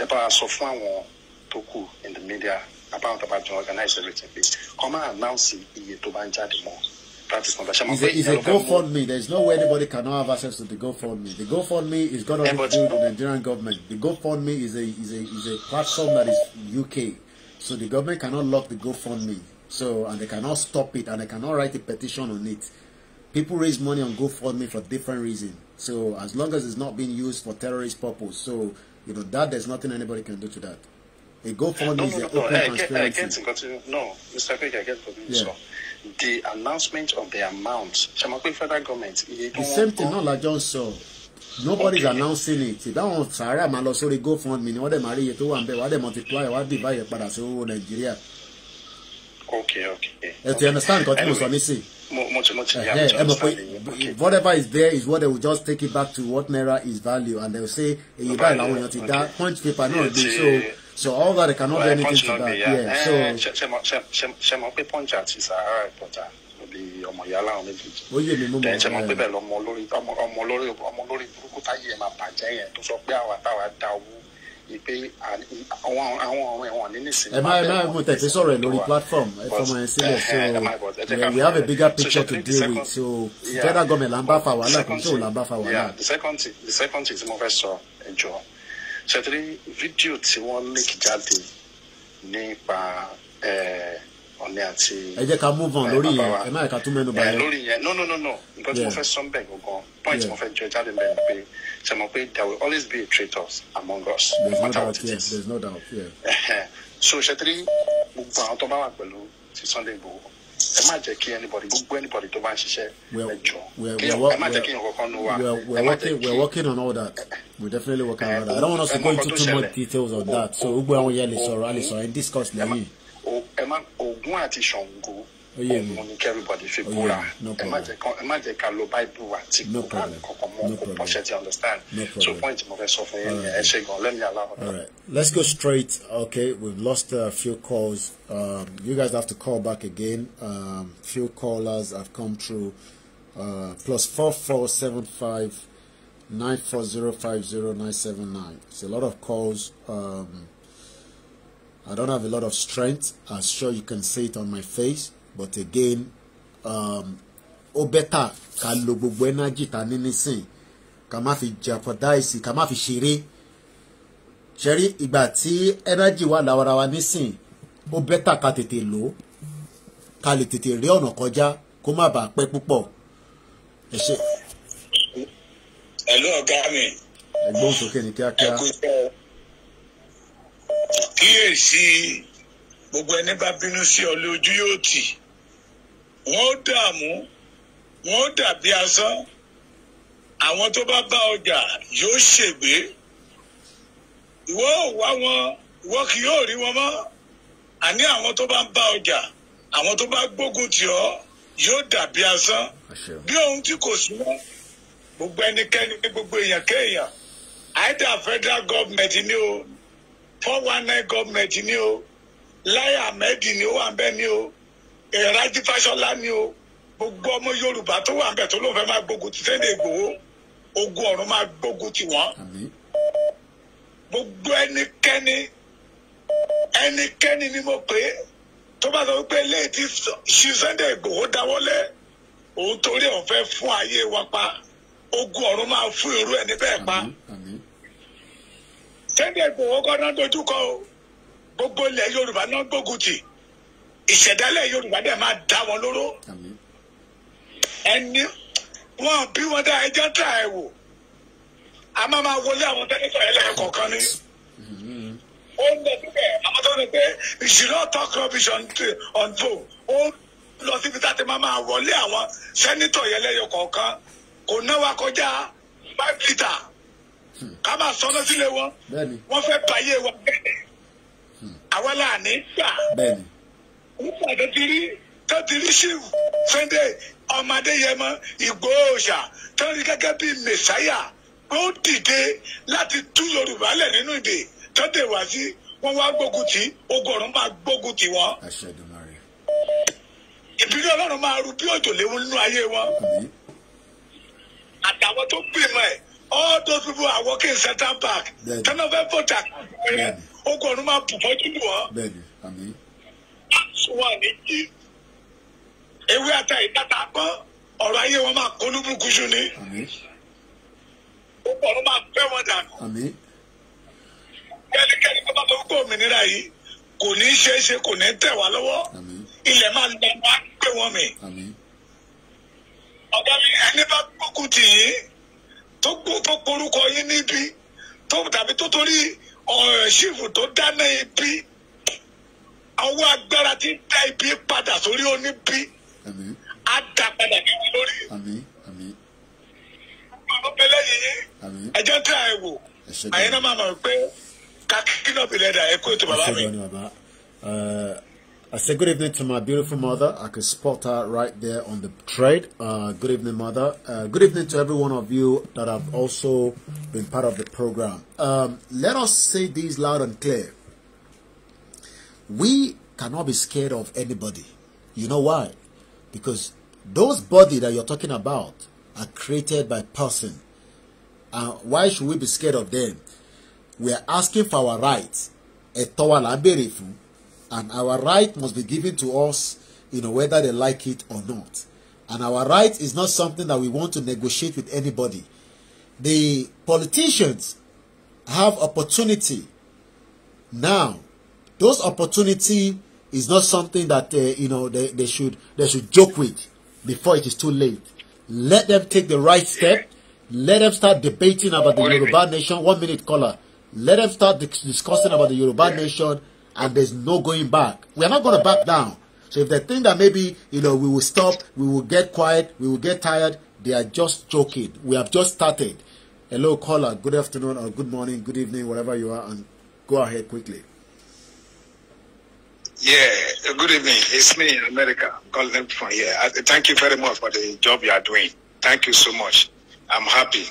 ẹ bá a sọ fún àwọn tó kù in the media about tó bá jọ organize everything pé kọ́ máa announce iye tó bá ń jáde mọ́. is a, it's a GoFundMe. There's no way anybody cannot have access to the GoFundMe. The GoFundMe is going to do the Nigerian government. The GoFundMe is a is a is a platform that is UK. So the government cannot lock the GoFundMe. So, and they cannot stop it and they cannot write a petition on it. People raise money on GoFundMe for different reasons. So, as long as it's not being used for terrorist purpose, so, you know, that there's nothing anybody can do to that. A GoFundMe no, no, is no, an no, open I get, I get to no, Mr. Pig, I get to yeah. The announcement of the amount, Shamakwe federal government, the same thing, not like John saw. nobody's okay. announcing it ìbáwọn sàárà máa lọ sórí GoFundMe ni wọ́n dẹ̀ máa rí iye tó wà ń bẹ̀ wọ́n multiply what á dìbà yẹn padà sí owó Nàìjíríà okay okay. ẹ you understand nǹkan tí mo sọ much. mo mo ti mo ti whatever is there is what they will just take it back to what naira is value and they will say èyí báyìí làwọn èèyàn ti dá point paper náà gbé so so all that they cannot do anything to that. yeah so. Eh, ṣe mọ̀ pé punch àti sahara reporter ah, bí ọmọ ìyá láwọn méjèèjì. ó yé mi mú mọ ẹ eh, ṣe máa gbé eh. bẹ́ẹ̀ lọ ọmọ olórí ọmọ olórí ọmọ olórí burúkú táyé ẹ máa bàjẹ́ yẹn tó sọ pé àwa táwa da owó ni pé àwọn àwọn ọ̀run ẹ̀wọ̀n ní nísìnyí. ẹ má ẹ má mo tẹ̀sí sọ̀rọ̀ ẹ̀ lórí platform ẹ fọmọ ẹ sílẹ̀ eh, eh, so eh, we have a bigger picture to deal with so federal government là ń bá fa wàhálà kò tó là ń bá fa wàhálà. the second thing the second thing tí mo fẹ́ sọ ẹ jọ ṣètìlí fídíò tí wọ́n link jáde nípa ọ̀nì àti. ẹ jẹ́ ká move on lórí yẹn ẹ má yẹ tún mẹ́nu bá yẹn. lórí yẹn no no no no nǹkan tí mo fẹ́ sọ ń bẹ̀ gangan point tí mo fẹ́ jọ jáde mẹ́rin pé. Shamokwe, there will always be traitors among us. There's no doubt, yes, there's no doubt, yeah. so, Shetri, gbogbo àwọn tó bá wà pẹ̀lú ti Sunday Igboho, ẹ má jẹ́ kí anybody, gbogbo anybody tó bá ń ṣiṣẹ́ ẹjọ́, ẹ má jẹ́ kí èèyàn kankan nu wa. We're working on all that. We're definitely working on all that. I don't want us to go into too much details on that. So, gbogbo àwọn yẹn lè sọ̀rọ̀, a lè sọ̀rọ̀ and discuss lẹ́yìn. Ogun àti Ṣàngó òun ni kẹ́rìbọ̀dì fi búra ẹ má jẹ́ ká lo báìbù àti kúrò kọ̀ọ̀kan mọ́ kó pọ̀ṣẹ̀ ti understand so point mo fẹ́ sọ fún yẹn ni ẹ ṣe gan lẹ́mìí aláwọ̀. Let's go straight. Okay, we've lost a few calls. Um, you guys have to call back again. Um, few callers have come through. Uh, plus four four seven five nine four zero five zero nine seven nine. It's a lot of calls. Um, I don't have a lot of strength. I'm sure you can see it on my face but again um, ó bẹ́tà ká lo gbogbo energy ta ní nísìn ká má fi jeopardize ká má fi ṣeré ṣẹ́rí ìgbà tí energy wà láwarawa nísìn ó bẹ́tà ká tètè lò ó ká lè tètè rí ọ̀nà kọjá kó má bàa pẹ́ púpọ̀ ẹ ṣe. ẹ̀lú ọ̀gá mi. ẹ̀gbọ́n sókè ní kíákíá. kíyèsí gbogbo ẹni bá bínú sí ọ lójú yóò tì wọ́n ó dààmú wọ́n ó dàbí asán àwọn tó bá bá ọjà yóò ṣègbé ìwọ ò wá wọn ìwọ kì yóò rí wọn mọ́ àní àwọn tó bá ń bá ọjà àwọn tó bá gbógun tì ọ́ yóò dàbí asán bí ohun tí kò sí mọ́ gbogbo ẹnikẹ́ni gbogbo èèyàn kéèyàn àìdá federal government ni o four one nine government ni o láyà mẹ́dì ni ó wà ń bẹ ni o. Ẹ̀rájí Fáṣọlá ni o gbogbo ọmọ Yorùbá tó wà níbẹ̀ tó ló fẹ́ máa gbógun ti Sunday Igboho ogun ọ̀run máa gbógun ti wọ́n gbogbo ẹnikẹ́ni ẹnikẹ́ni ni mo pè é tó bá sọ pé léyìí ti ṣí Sunday Igboho dáwọ́lé òun torí òun fẹ́ fún ayé wa pa ogun ọ̀run máa fún irú ẹni bẹ́ẹ̀ pa Sunday Igboho kọ́ náà dojúkọ o gbogbo ilẹ̀ Yorùbá náà gbógun tì ìṣẹ̀dálẹ̀ Yorùbá dẹ̀ máa dá wọn lóró ẹni wọn bí wọn dá ẹjọ́ tà ẹ̀ wò a máa máa wọlé àwọn tẹ́lifíṣọ̀ ẹlẹ́ẹ̀kọ̀ọ̀kan ni mm-hmm. ó ń lọ síbẹ̀ àwọn tó pé ìṣúná talk rubbish on ó lọ síbi tá máa máa wọlé àwọn sẹ́nítọ̀ yẹn kò náwó akọjá five litre hmm. ká máa sọ lọ sílé wọn wọn fẹ́ báyé wọn bẹ́ẹ̀ hmm. àwa là gbà nígbà tó ti rí tó ti rí ṣíwù Sunday ọmọdé yẹmọ Ìgbòho tó rí gẹ́gẹ́ bí mẹsáyà ó dìde láti tú Yorùbá lẹ̀ nínú ìdè tó dé wá sí wọ́n wá gbógun tì ogun ọ̀run máa gbógun tì wọ́n. ìbínú ọlọ́run máa ru bí òjò léwu nínú ayé wọn. àtàwọn tó gbìmọ̀ ẹ̀ all those people are working in Central Park tẹ́lẹ̀ fẹ́ bọ̀tà ogun ọ̀run máa bù mọ́jú wọn wà níje ewé ata ìdáta pọ́n ọ̀rọ̀ ayé wọn máa kó lúbùkúṣu ni ó pọ̀rọ̀ máa fẹ́ wọn dànù kẹ́nikẹ́ni tó bá fọwọ́ òmìnira yìí kò ní í ṣeé kò ní tẹ̀ wá lọ́wọ́ ilẹ̀ máa ń lọ́wọ́ á wọn mì ọ̀gá mi ẹni bá gbókùn tì yín tó gbó tó porúkọ yín níbí tó tàbí tó torí ọ̀rọ̀ ṣìfù tó dáná ibi ọwọ́ agbára ti ń dá ibi padà sórí oníbí á dá padà níbi lórí. ọlọ́pẹ̀lẹ́ yìí ẹjọ́ tí a wò àyẹ̀nà máa mọ̀ pé kakínà bí lẹ́dà ẹ kó ètò bàbá mi. Uh, I say good evening to my beautiful mother. I can spot her right there on the trade. Uh, good evening, mother. Uh, good evening to every one of you that have also been part of the program. Um, let us say these loud and clear we cannot be scared of anybody. You know why? Because those body that you're talking about are created by person. And why should we be scared of them? We are asking for our rights. Ẹ̀tọ́ wa la And our right must be given to us, you know, whether they like it or not. And our right is not something that we want to negotiate with anybody. The politicians have opportunity now those opportunity is not something that uh, you know they, they should they should joke with before it is too late. Let them take the right step. Let them start debating about the Yoruba nation. One minute caller. Let them start discussing about the Yoruba nation, and there's no going back. We are not going to back down. So if they think that maybe you know we will stop, we will get quiet, we will get tired, they are just joking. We have just started. Hello caller. Good afternoon or good morning, good evening, whatever you are, and go ahead quickly. Yeah, good evening. It's me America, calling from here. I, thank you very much for the job you are doing. Thank you so much. I'm happy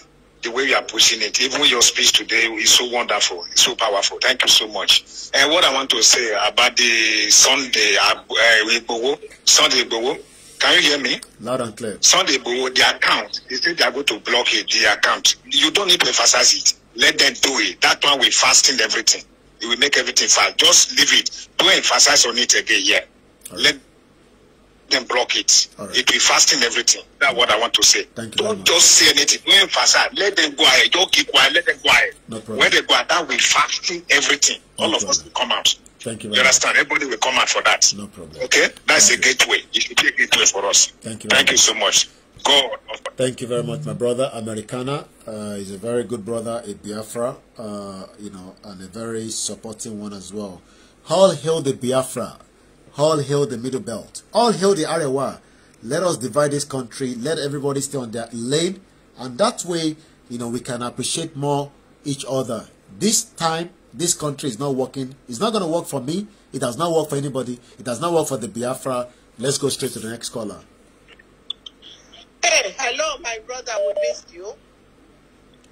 the way you are pushing it. Even your speech today is so wonderful, it's so powerful. Thank you so much. And what I want to say about the Sunday uh, uh Igboho, Sunday Igboho, can you hear me? Loud and clear. Sunday Igboho, the account, they said they are going to block it, the account. You don't need to emphasize it. Let them do it. That one will fasten everything it will make everything fine. Just leave it. Don't emphasize on it again. Yeah. Right. Let them block it. Right. It will fasten everything. That's what I want to say. Thank you Don't just say anything. Don't emphasize. Let them go ahead. Don't keep quiet. Let them go ahead. No when they go ahead, that will fasten everything. No All problem. of us will come out. Thank you. Very you understand? Much. Everybody will come out for that. No problem. Okay? That's Thank a you. gateway. It should be a gateway for us. Thank you. Thank you so much. God. Thank you very much, my brother. Americana uh, is a very good brother in Biafra, uh, you know, and a very supporting one as well. All hail the Biafra. All hail the Middle Belt. All hail the Arewa. Let us divide this country. Let everybody stay on their lane. And that way, you know, we can appreciate more each other. This time, this country is not working. It's not going to work for me. It does not work for anybody. It does not work for the Biafra. Let's go straight to the next caller. Hey, hello, my brother. We missed you.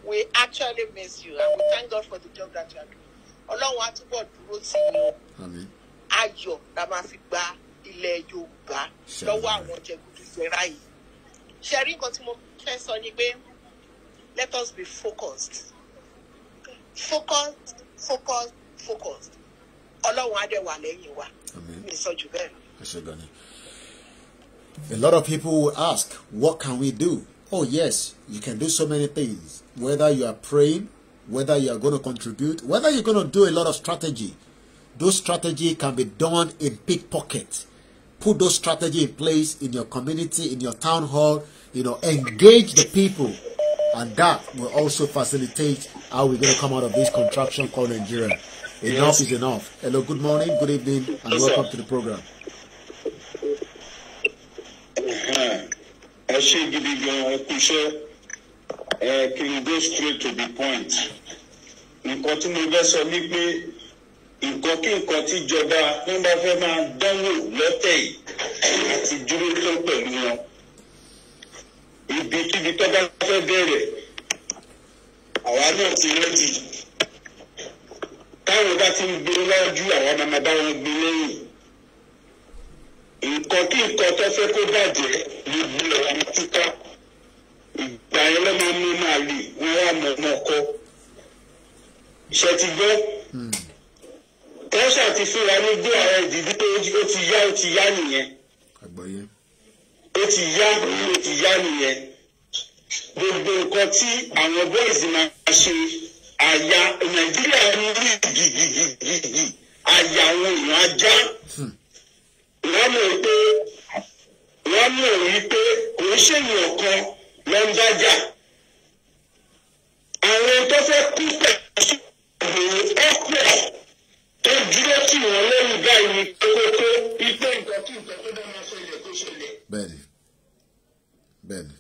We actually miss you, and we thank God for the job that you are doing. Ọlọ́run á túbọ̀ dúró sí i o. Ayọ̀ la máa fi gba ilẹ̀ Yorùbá lọ́wọ́ àwọn jẹgúdújẹrá yìí. Ṣé rí nǹkan tí mo let us be focused. Focused, focused, focused. Ọlọ́run á dẹ̀ wà lẹ́yìn wa. Mi sọ jù bẹ́ẹ̀ lọ. A lot of people will ask, what can we do? Oh yes, you can do so many things. Whether you are praying, whether you are going to contribute, whether you're going to do a lot of strategy. Those strategy can be done in pickpocket. Put those strategy in place in your community, in your town hall, you know, engage the people. And that will also facilitate how we're going to come out of this contraction called Nigeria. Enough yes. is enough. Hello, good morning, good evening, and yes, welcome sir. to the program. ẹ ṣe gidi gan ẹ kú ẹ kí n go straight to the point nǹkan tí mo fẹ́ sọ ni pé nǹkan kí nǹkan tí ìjọba wọn bá fẹ́ máa dánwò lọ́tẹ̀ yìí àti dúró tó pẹ̀lú wọn ibi kíbi tó bá fẹ́ bẹ̀rẹ̀ àwa náà ti rẹ́dì táwọn bá ti ń gbé lọ́jú àwa máa bá wọn gbé lẹ́yìn nǹkan kí nǹkan tó fẹ́ kó bàjẹ́ lè gbé ọ̀rọ̀ ọmọ túká ìgbà yẹn lọ́mọ mú máa lè wọ́n wá mọ ọmọ ọkọ ṣe ti gbọ́ hmm. tẹ́sà ti fún wa ní gbé àwọn ìdìbò pé ó ti yá ó ti yá nìyẹn ó ti yá ó ti yá nìyẹn gbogbo nǹkan tí àwọn boys máa ṣe àyà nàìjíríà ń rí gìgìgìgì àyà àwọn èèyàn ajá. Hmm wọ́n mọ̀ pé wọ́n mọ̀ wípé kò ń ṣèyàn kan ló ń bájà àwọn tó fẹ́ kú pẹ̀lú ọ̀pọ̀ tó dúró tì wọ́n lẹ́yìn báyìí kókó ipò nǹkan kí bá máa ṣẹlẹ̀ kó ṣẹlẹ̀. bẹ́ẹ̀ni bẹ́ẹ̀ni.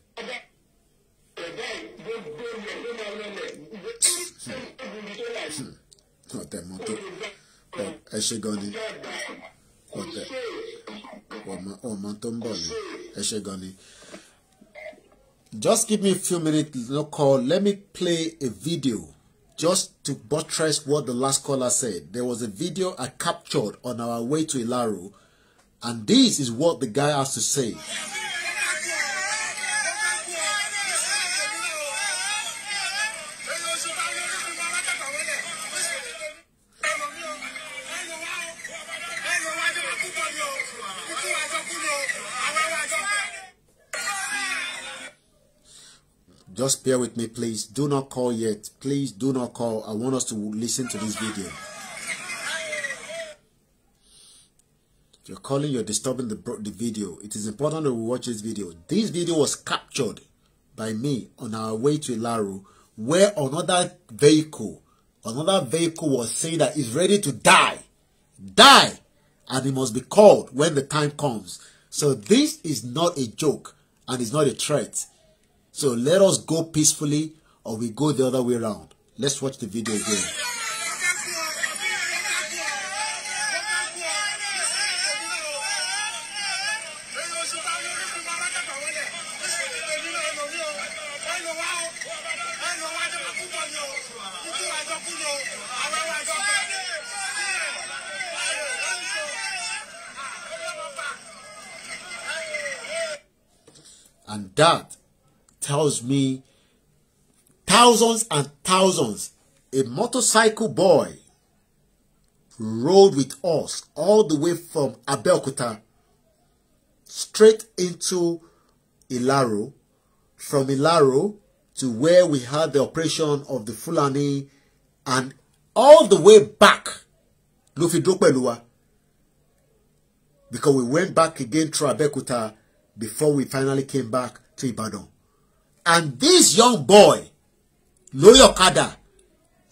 Hmm. ọ̀tẹ̀ mọ́tò ẹ ṣe gan ni kọ̀tẹ̀ ọmọ tó ń bọ̀ ni ẹ ṣe gan ni. Just give me a few minutes no call let me play a video just to buttress what the last caller said there was a video I captured on our way to Ilaro and this is what the guy has to say. Just bear with me, please. Do not call yet. Please do not call. I want us to listen to this video. you're calling, you're disturbing the, the video. It is important that we watch this video. This video was captured by me on our way to Ilaru, where another vehicle, another vehicle was saying that ready to die. Die! And it must be called when the time comes. So this is not a joke and it's not a threat. So let us go peacefully or we go the other way around. Let's watch the video again. And that tells me thousands and thousands. A motorcycle boy rode with us all the way from Abeokuta straight into Ilaro, from Ilaro to where we had the operation of the Fulani and all the way back ló fi dó pẹ̀lú wa because we went back again through Abeokuta before we finally came back to Ibadan and this young boy lórí ọ̀kadà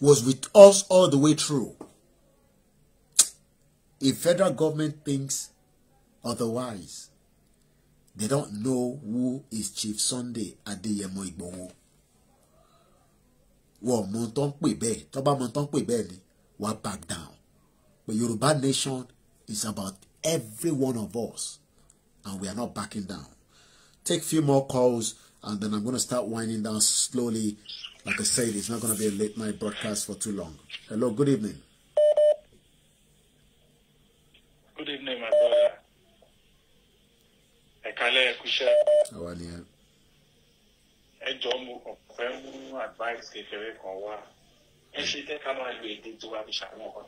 was with us all the way through if federal government thinks otherwise they don't know who is Chief Sunday Adéyẹmọ Ìgbòho wọn mọ tó ń pè bẹ́ẹ̀ tó bá mọ tó ń pè bẹ́ẹ̀ ni wàá back down but Yoruba nation is about every one of us and we are not backing down take few more calls. and then I'm going to start winding down slowly. Like I said, it's not going to be a late night broadcast for too long. Hello, good evening. Good evening, my brother. Ekale Ekusha. How are you? Ẹ jọ̀ọ́ mo fẹ́ mú advice kékeré kan wá. Ẹ ṣe tẹ́ ká máa lo èdè tiwa fi ṣàwọn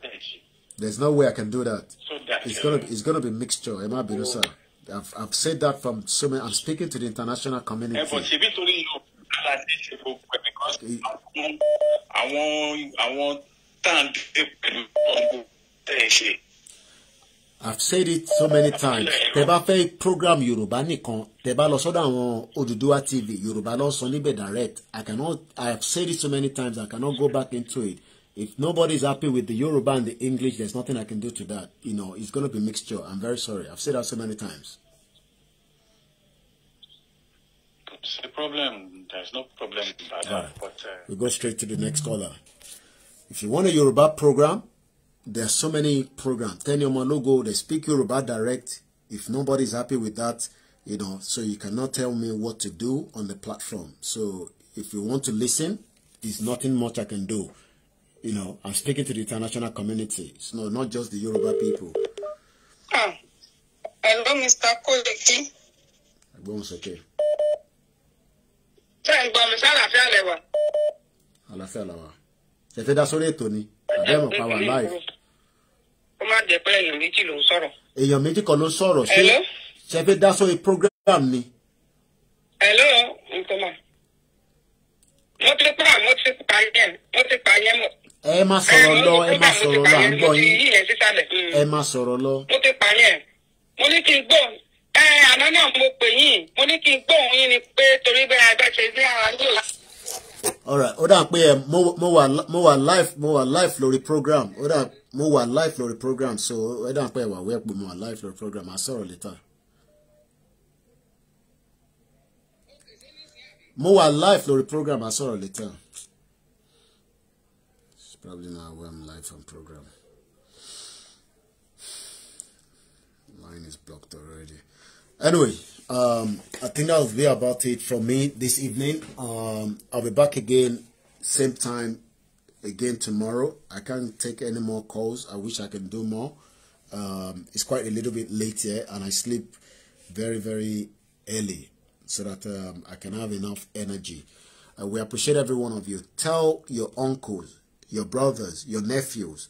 There's no way I can do that. So that it's gonna it's gonna be mixture. am I, bínú oh. sáà. I've, I've said that from so many. I'm speaking to the international community. I've said it so many times. Tẹ́ bá program Yoruba nìkan, tẹ́ bá lọ sọ́dọ̀ àwọn TV, Yoruba ló sọ níbẹ̀ direct. I cannot, I have said it so many times, I cannot go back into it. If nobody's happy with the Yoruba and the English, there's nothing I can do to that. You know, it's going to be mixture. I'm very sorry. I've said that so many times. It's problem. There's no problem that. Right. But, uh, we go straight to the next caller. If you want a Yoruba program, there's so many programs. Ten Yoma Logo, they speak Yoruba direct. If nobody's happy with that, you know, so you cannot tell me what to do on the platform. So if you want to listen, there's nothing much I can do. you know, I'm speaking to the international community. So, no, not just the Yoruba people. Ah. Hello, Mr. Koleki. Ẹ̀gbọ́n sókè. Ṣé ẹ̀ ń gbọ́ mi sálàáfíà lẹ́wà? Àlàáfíà làwà. Ṣé fẹ́ dá sórí ètò ni? Àbẹ́ mọ̀ pa wà live. Ó máa jẹ́ pé èèyàn méjì ló ń sọ̀rọ̀. Èèyàn méjì kan ló ń sọ̀rọ̀. Ṣé ṣe fẹ́ program ni? Hello, Ntoma. Mo ti pa mo ti pa yẹn mo ti pa yẹn mọ̀ ẹ má sọ̀rọ̀ lọ ẹ má sọ̀rọ̀ lọ à ń gbọ́ yín ẹ má sọ̀rọ̀ lọ. mo ti parí ẹ mo ní kí n gbọ́ ẹ àná náà mo pè yín mo ní kí n gbọ́ òun yín ni pé torí bẹ́ẹ̀ ẹgbẹ́ ṣe ní ara yóò. alright ó dà pé ẹ mo wà live mo wà life lórí program ó dà mo wà live lórí program so ó dà pé ẹ wà wẹ́pọ̀ mo wà live lórí program à sọ̀rọ̀ later. mo wà live lórí program à sọ̀rọ̀ later. probably now where I'm live on program. Line is blocked already. Anyway, um, I think that'll be about it from me this evening. Um, I'll be back again, same time again tomorrow. I can't take any more calls. I wish I can do more. Um, it's quite a little bit late here, and I sleep very, very early so that um, I can have enough energy. Uh, we appreciate every one of you. Tell your uncles, your brothers, your nephews.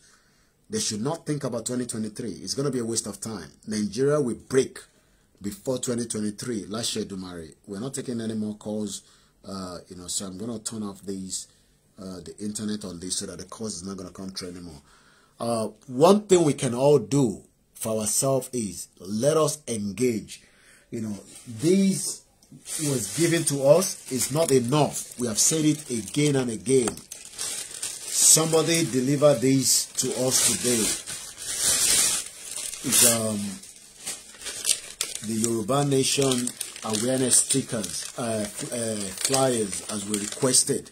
They should not think about 2023. It's going to be a waste of time. Nigeria will break before 2023. Last year, Dumari, we're not taking any more calls. Uh, you know, so I'm going to turn off these, uh, the internet on this so that the calls is not going to come through anymore. Uh, one thing we can all do for ourselves is let us engage. You know, these was given to us is not enough. We have said it again and again. Somebody deliver these to us today. It's um, the Yoruba Nation awareness stickers, uh, uh, flyers as we requested,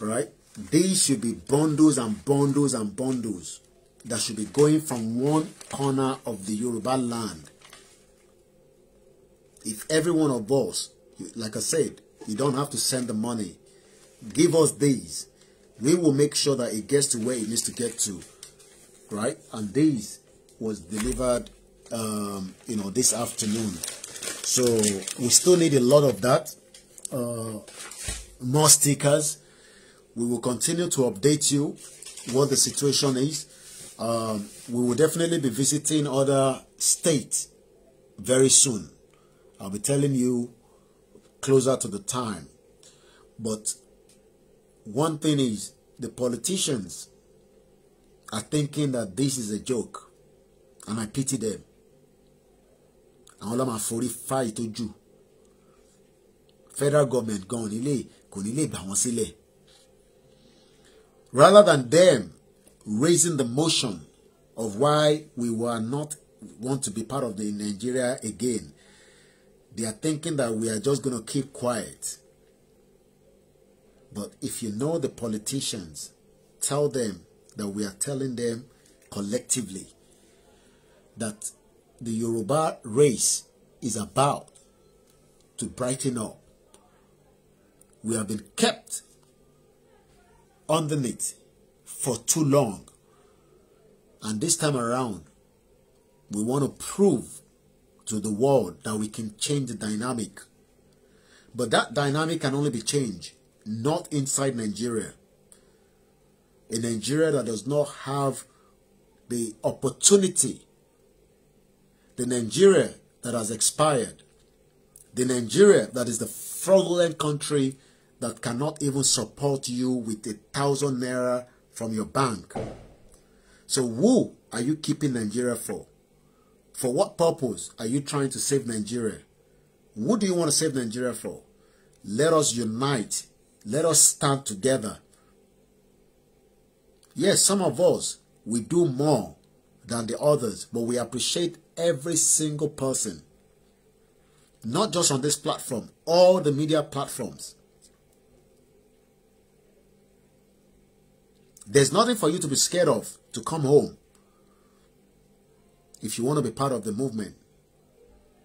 right? These should be bundles and bundles and bundles that should be going from one corner of the Yoruba land. If every one of us, like I said, you don't have to send the money. Give us these. We will make sure that it gets to where it needs to get to, right? And this was delivered, um, you know, this afternoon. So we still need a lot of that. Uh, more stickers. We will continue to update you what the situation is. Um, we will definitely be visiting other states very soon. I'll be telling you closer to the time. But one thing is the politicians are thinking that this is a joke and I pity them àwọn ọlọ́mọ àforí fáì tó jù federal government gan nílé kò nílé gbà wọ́n sílẹ̀ rather than them raising the motion of why we were not want to be part of the Nigeria again they are thinking that we are just gonna keep quiet But if you know the politicians, tell them that we are telling them collectively that the Yoruba race is about to brighten up. We have been kept underneath for too long. And this time around, we want to prove to the world that we can change the dynamic. But that dynamic can only be changed not inside Nigeria. A Nigeria that does not have the opportunity, the Nigeria that has expired, the Nigeria that is the fraudulent country that cannot even support you with a thousand naira from your bank. So who are you keeping Nigeria for? For what purpose are you trying to save Nigeria? Who do you want to save Nigeria for? Let us unite let us stand together. Yes, some of us, we do more than the others, but we appreciate every single person. Not just on this platform, all the media platforms. There's nothing for you to be scared of to come home if you want to be part of the movement.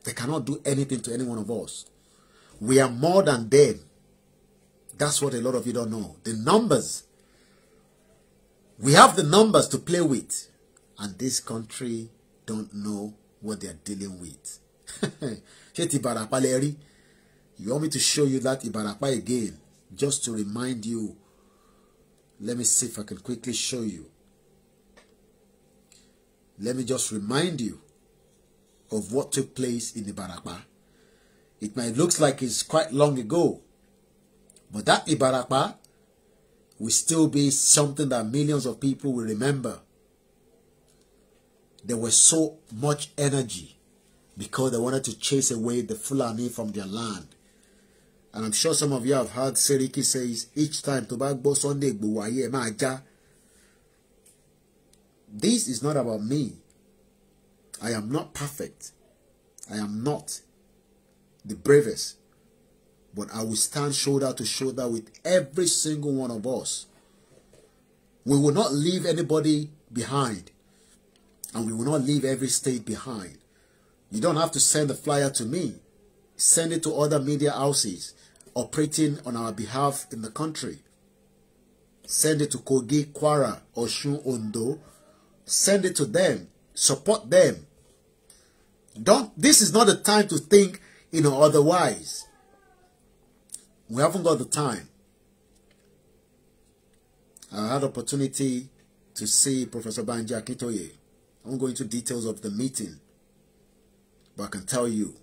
They cannot do anything to any one of us. We are more than them. That's what a lot of you don't know. The numbers. We have the numbers to play with. And this country don't know what they are dealing with. You want me to show you that Ìbàràpá again just to remind you. Let me see if I can quickly show you. Let me just remind you of what took place in Ìbàràpá. It might look like it's quite long ago, but that Ibarapa will still be something that millions of people will remember. There was so much energy because they wanted to chase away the Fulani from their land. And I'm sure some of you have heard Seriki says, each time to back Sunday Buwaye Maja. This is not about me. I am not perfect. I am not the bravest. But I will stand shoulder to shoulder with every single one of us. We will not leave anybody behind. And we will not leave every state behind. You don't have to send the flyer to me. Send it to other media houses operating on our behalf in the country. Send it to Kogi, Kwara, Oshun, Ondo. Send it to them. Support them. Don't. This is not the time to think, you know, otherwise. We haven't got the time. I had opportunity to see Professor Banjaki Toye. I won't go into details of the meeting, but I can tell you,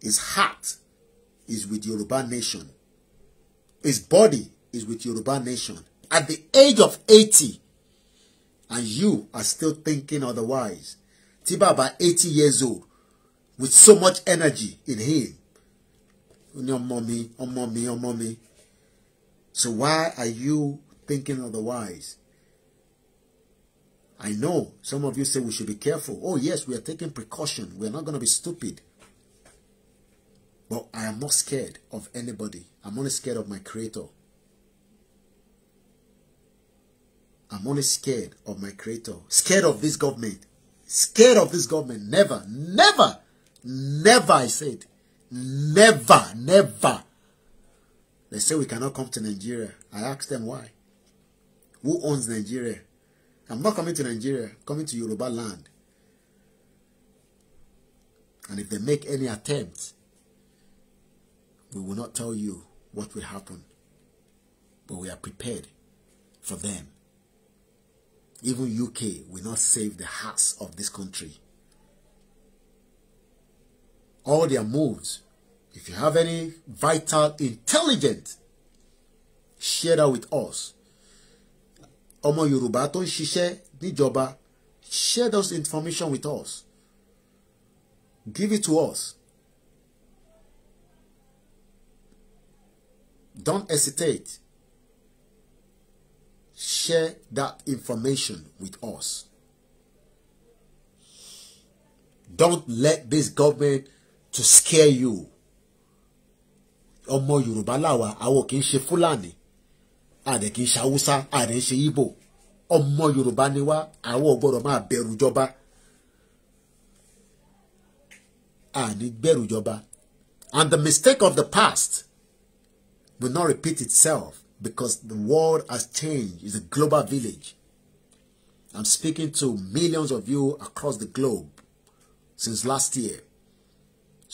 his heart is with Yoruba nation. His body is with Yoruba nation. At the age of 80, and you are still thinking otherwise. Tiba about 80 years old, with so much energy in him, ó mommy, ọmọ mommy, ọmọ mommy. so why are you thinking otherwise I know some of you say we should be careful oh yes we are taking precaution we are not going to be stupid but I am not scared of anybody I'm only scared of my creator I'm only scared of my creator scared of this government scared of this government never never never I said Never, never. They say we cannot come to Nigeria. I asked them why. Who owns Nigeria? I'm not coming to Nigeria, I'm coming to Yoruba land. And if they make any attempt, we will not tell you what will happen. But we are prepared for them. Even UK will not save the hearts of this country. all their moves. If you have any vital intelligence, share that with us. Ọmọ Yorùbá tó ń ṣiṣẹ́ níjọba, share those information with us. Give it to us. Don't hesitate. Share that information with us. Don't let this government to scare you ọmọ yorùbá làwà àwọn kì í ṣe fúlàní àdè kì í ṣe haúsá àdè ń ṣe ìbò ọmọ yorùbá ni wá àwọn ò máa bẹ̀rù jọba àní bẹ̀rù jọba and the mistake of the past will not repeat itself because the world has changed it's a global village i'm speaking to millions of you across the globe since last year.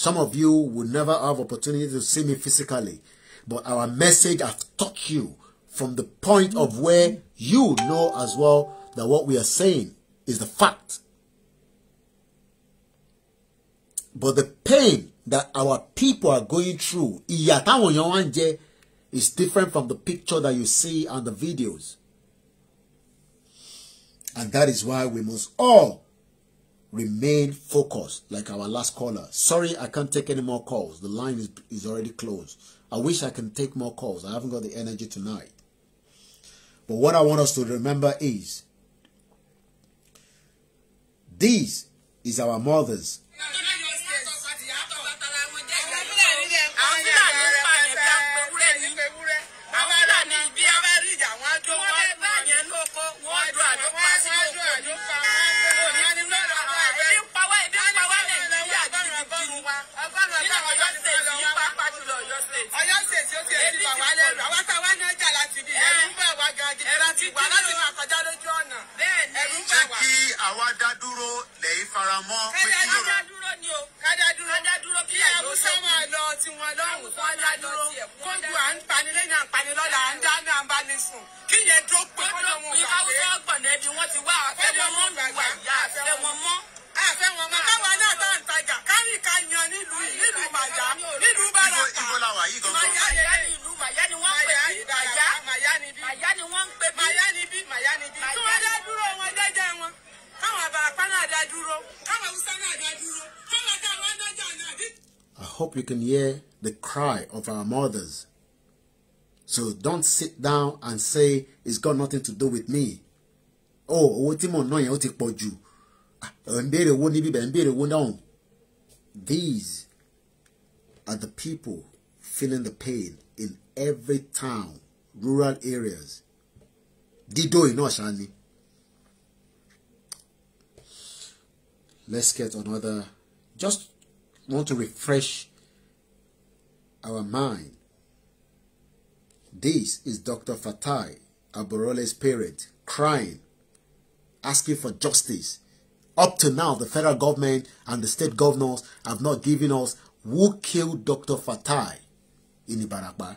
Some of you will never have opportunity to see me physically, but our message has touched you from the point of where you know as well that what we are saying is the fact. But the pain that our people are going through ìyà is different from the picture that you see on the videos. And that is why we must all remain focused like our last caller. Sorry, I can't take any more calls. The line is, is already closed. I wish I can take more calls. I haven't got the energy tonight. But what I want us to remember is this is our mothers. èmi wà lẹ́rù àwa tá a wá náà jà láti bí ẹ̀rù ń bà wá gan gidi ẹ̀rọ ti wà láti máa kọjá lójú ọ̀nà ẹ̀rù ń bà wá. jẹ́ kí àwa dá dúró lẹ́yìn faramọ́ pé kí ló rẹ̀. kádá dúró ni o kádá dúró kádá dúró kí àbúṣe máa lọ tiwọn lọ́hùn kó dá dúró kóńdù à ń pani lẹ́yìn à ń pani lọ́la à ń dáná à ń bá ní sùn kí yẹn dúró pé kó lóun gbàgbé. kó lóun gbàgbé àfẹ́ wọn mọ́ ká yan nílùú nílùú màyá nílùú bàràkà màyá ni ìlú màyá ni wọ́n pè sí màyá ni wọ́n pè bí màyá ni bí màyá ni bí. kí wọ́n dá dúró wọn jẹ́jẹ́ wọn káwọn àbàràpá náà dá dúró káwọn haúsá náà dá dúró káwọn dá wọn dájà náà bí. I hope you can hear the cry of our mothers. So don't sit down and say it's got nothing to do with me. Oh, owó tí mò ń ná yẹn ó ti pọ̀ jù. Ah, ẹ̀ ń béèrè owó níbí bẹ̀ ń béèrè owó náà. These are the people feeling the pain in every town, rural areas. Dido in Oshani. Let's get another. Just want to refresh our mind. This is Dr. Fatai, Aborole's parent, crying, asking for justice Up to now, the federal government and the state governors have not given us who killed Dr. Fatai in Ibarapa.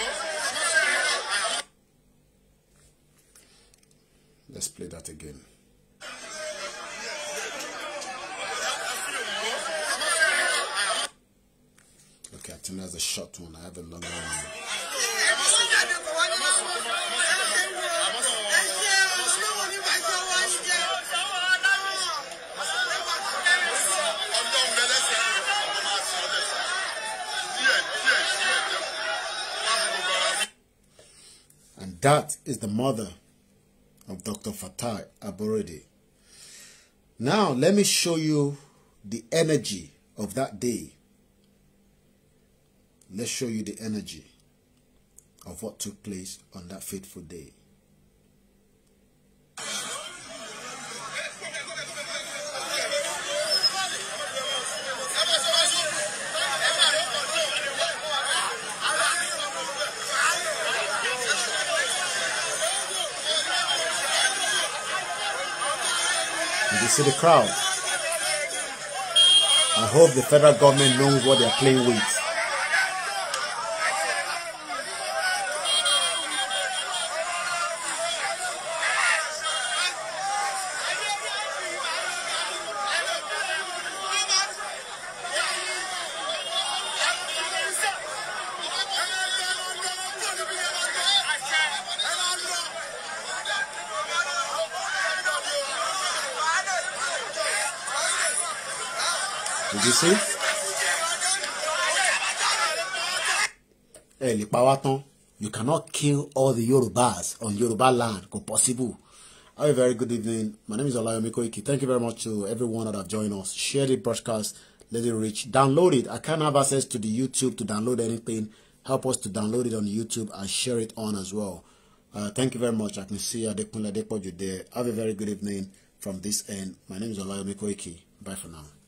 mother of Dr. Fatai Aborodi. Now, let me show you the energy of that day. Let's show you the energy of what took place on that fateful day. You see the crowd. I hope the federal government knows what they are playing with. you cannot kill all the Yorubas on Yoruba land Go possible. Have a very good evening. My name is Olayomi Koiki. Thank you very much to everyone that have joined us. Share the broadcast. Let it reach. Download it. I can't have access to the YouTube to download anything. Help us to download it on YouTube and share it on as well. Uh, thank you very much. I can see Adekunle Adepoju there. Have a very good evening from this end. My name is Olayomi Koiki. Bye for now.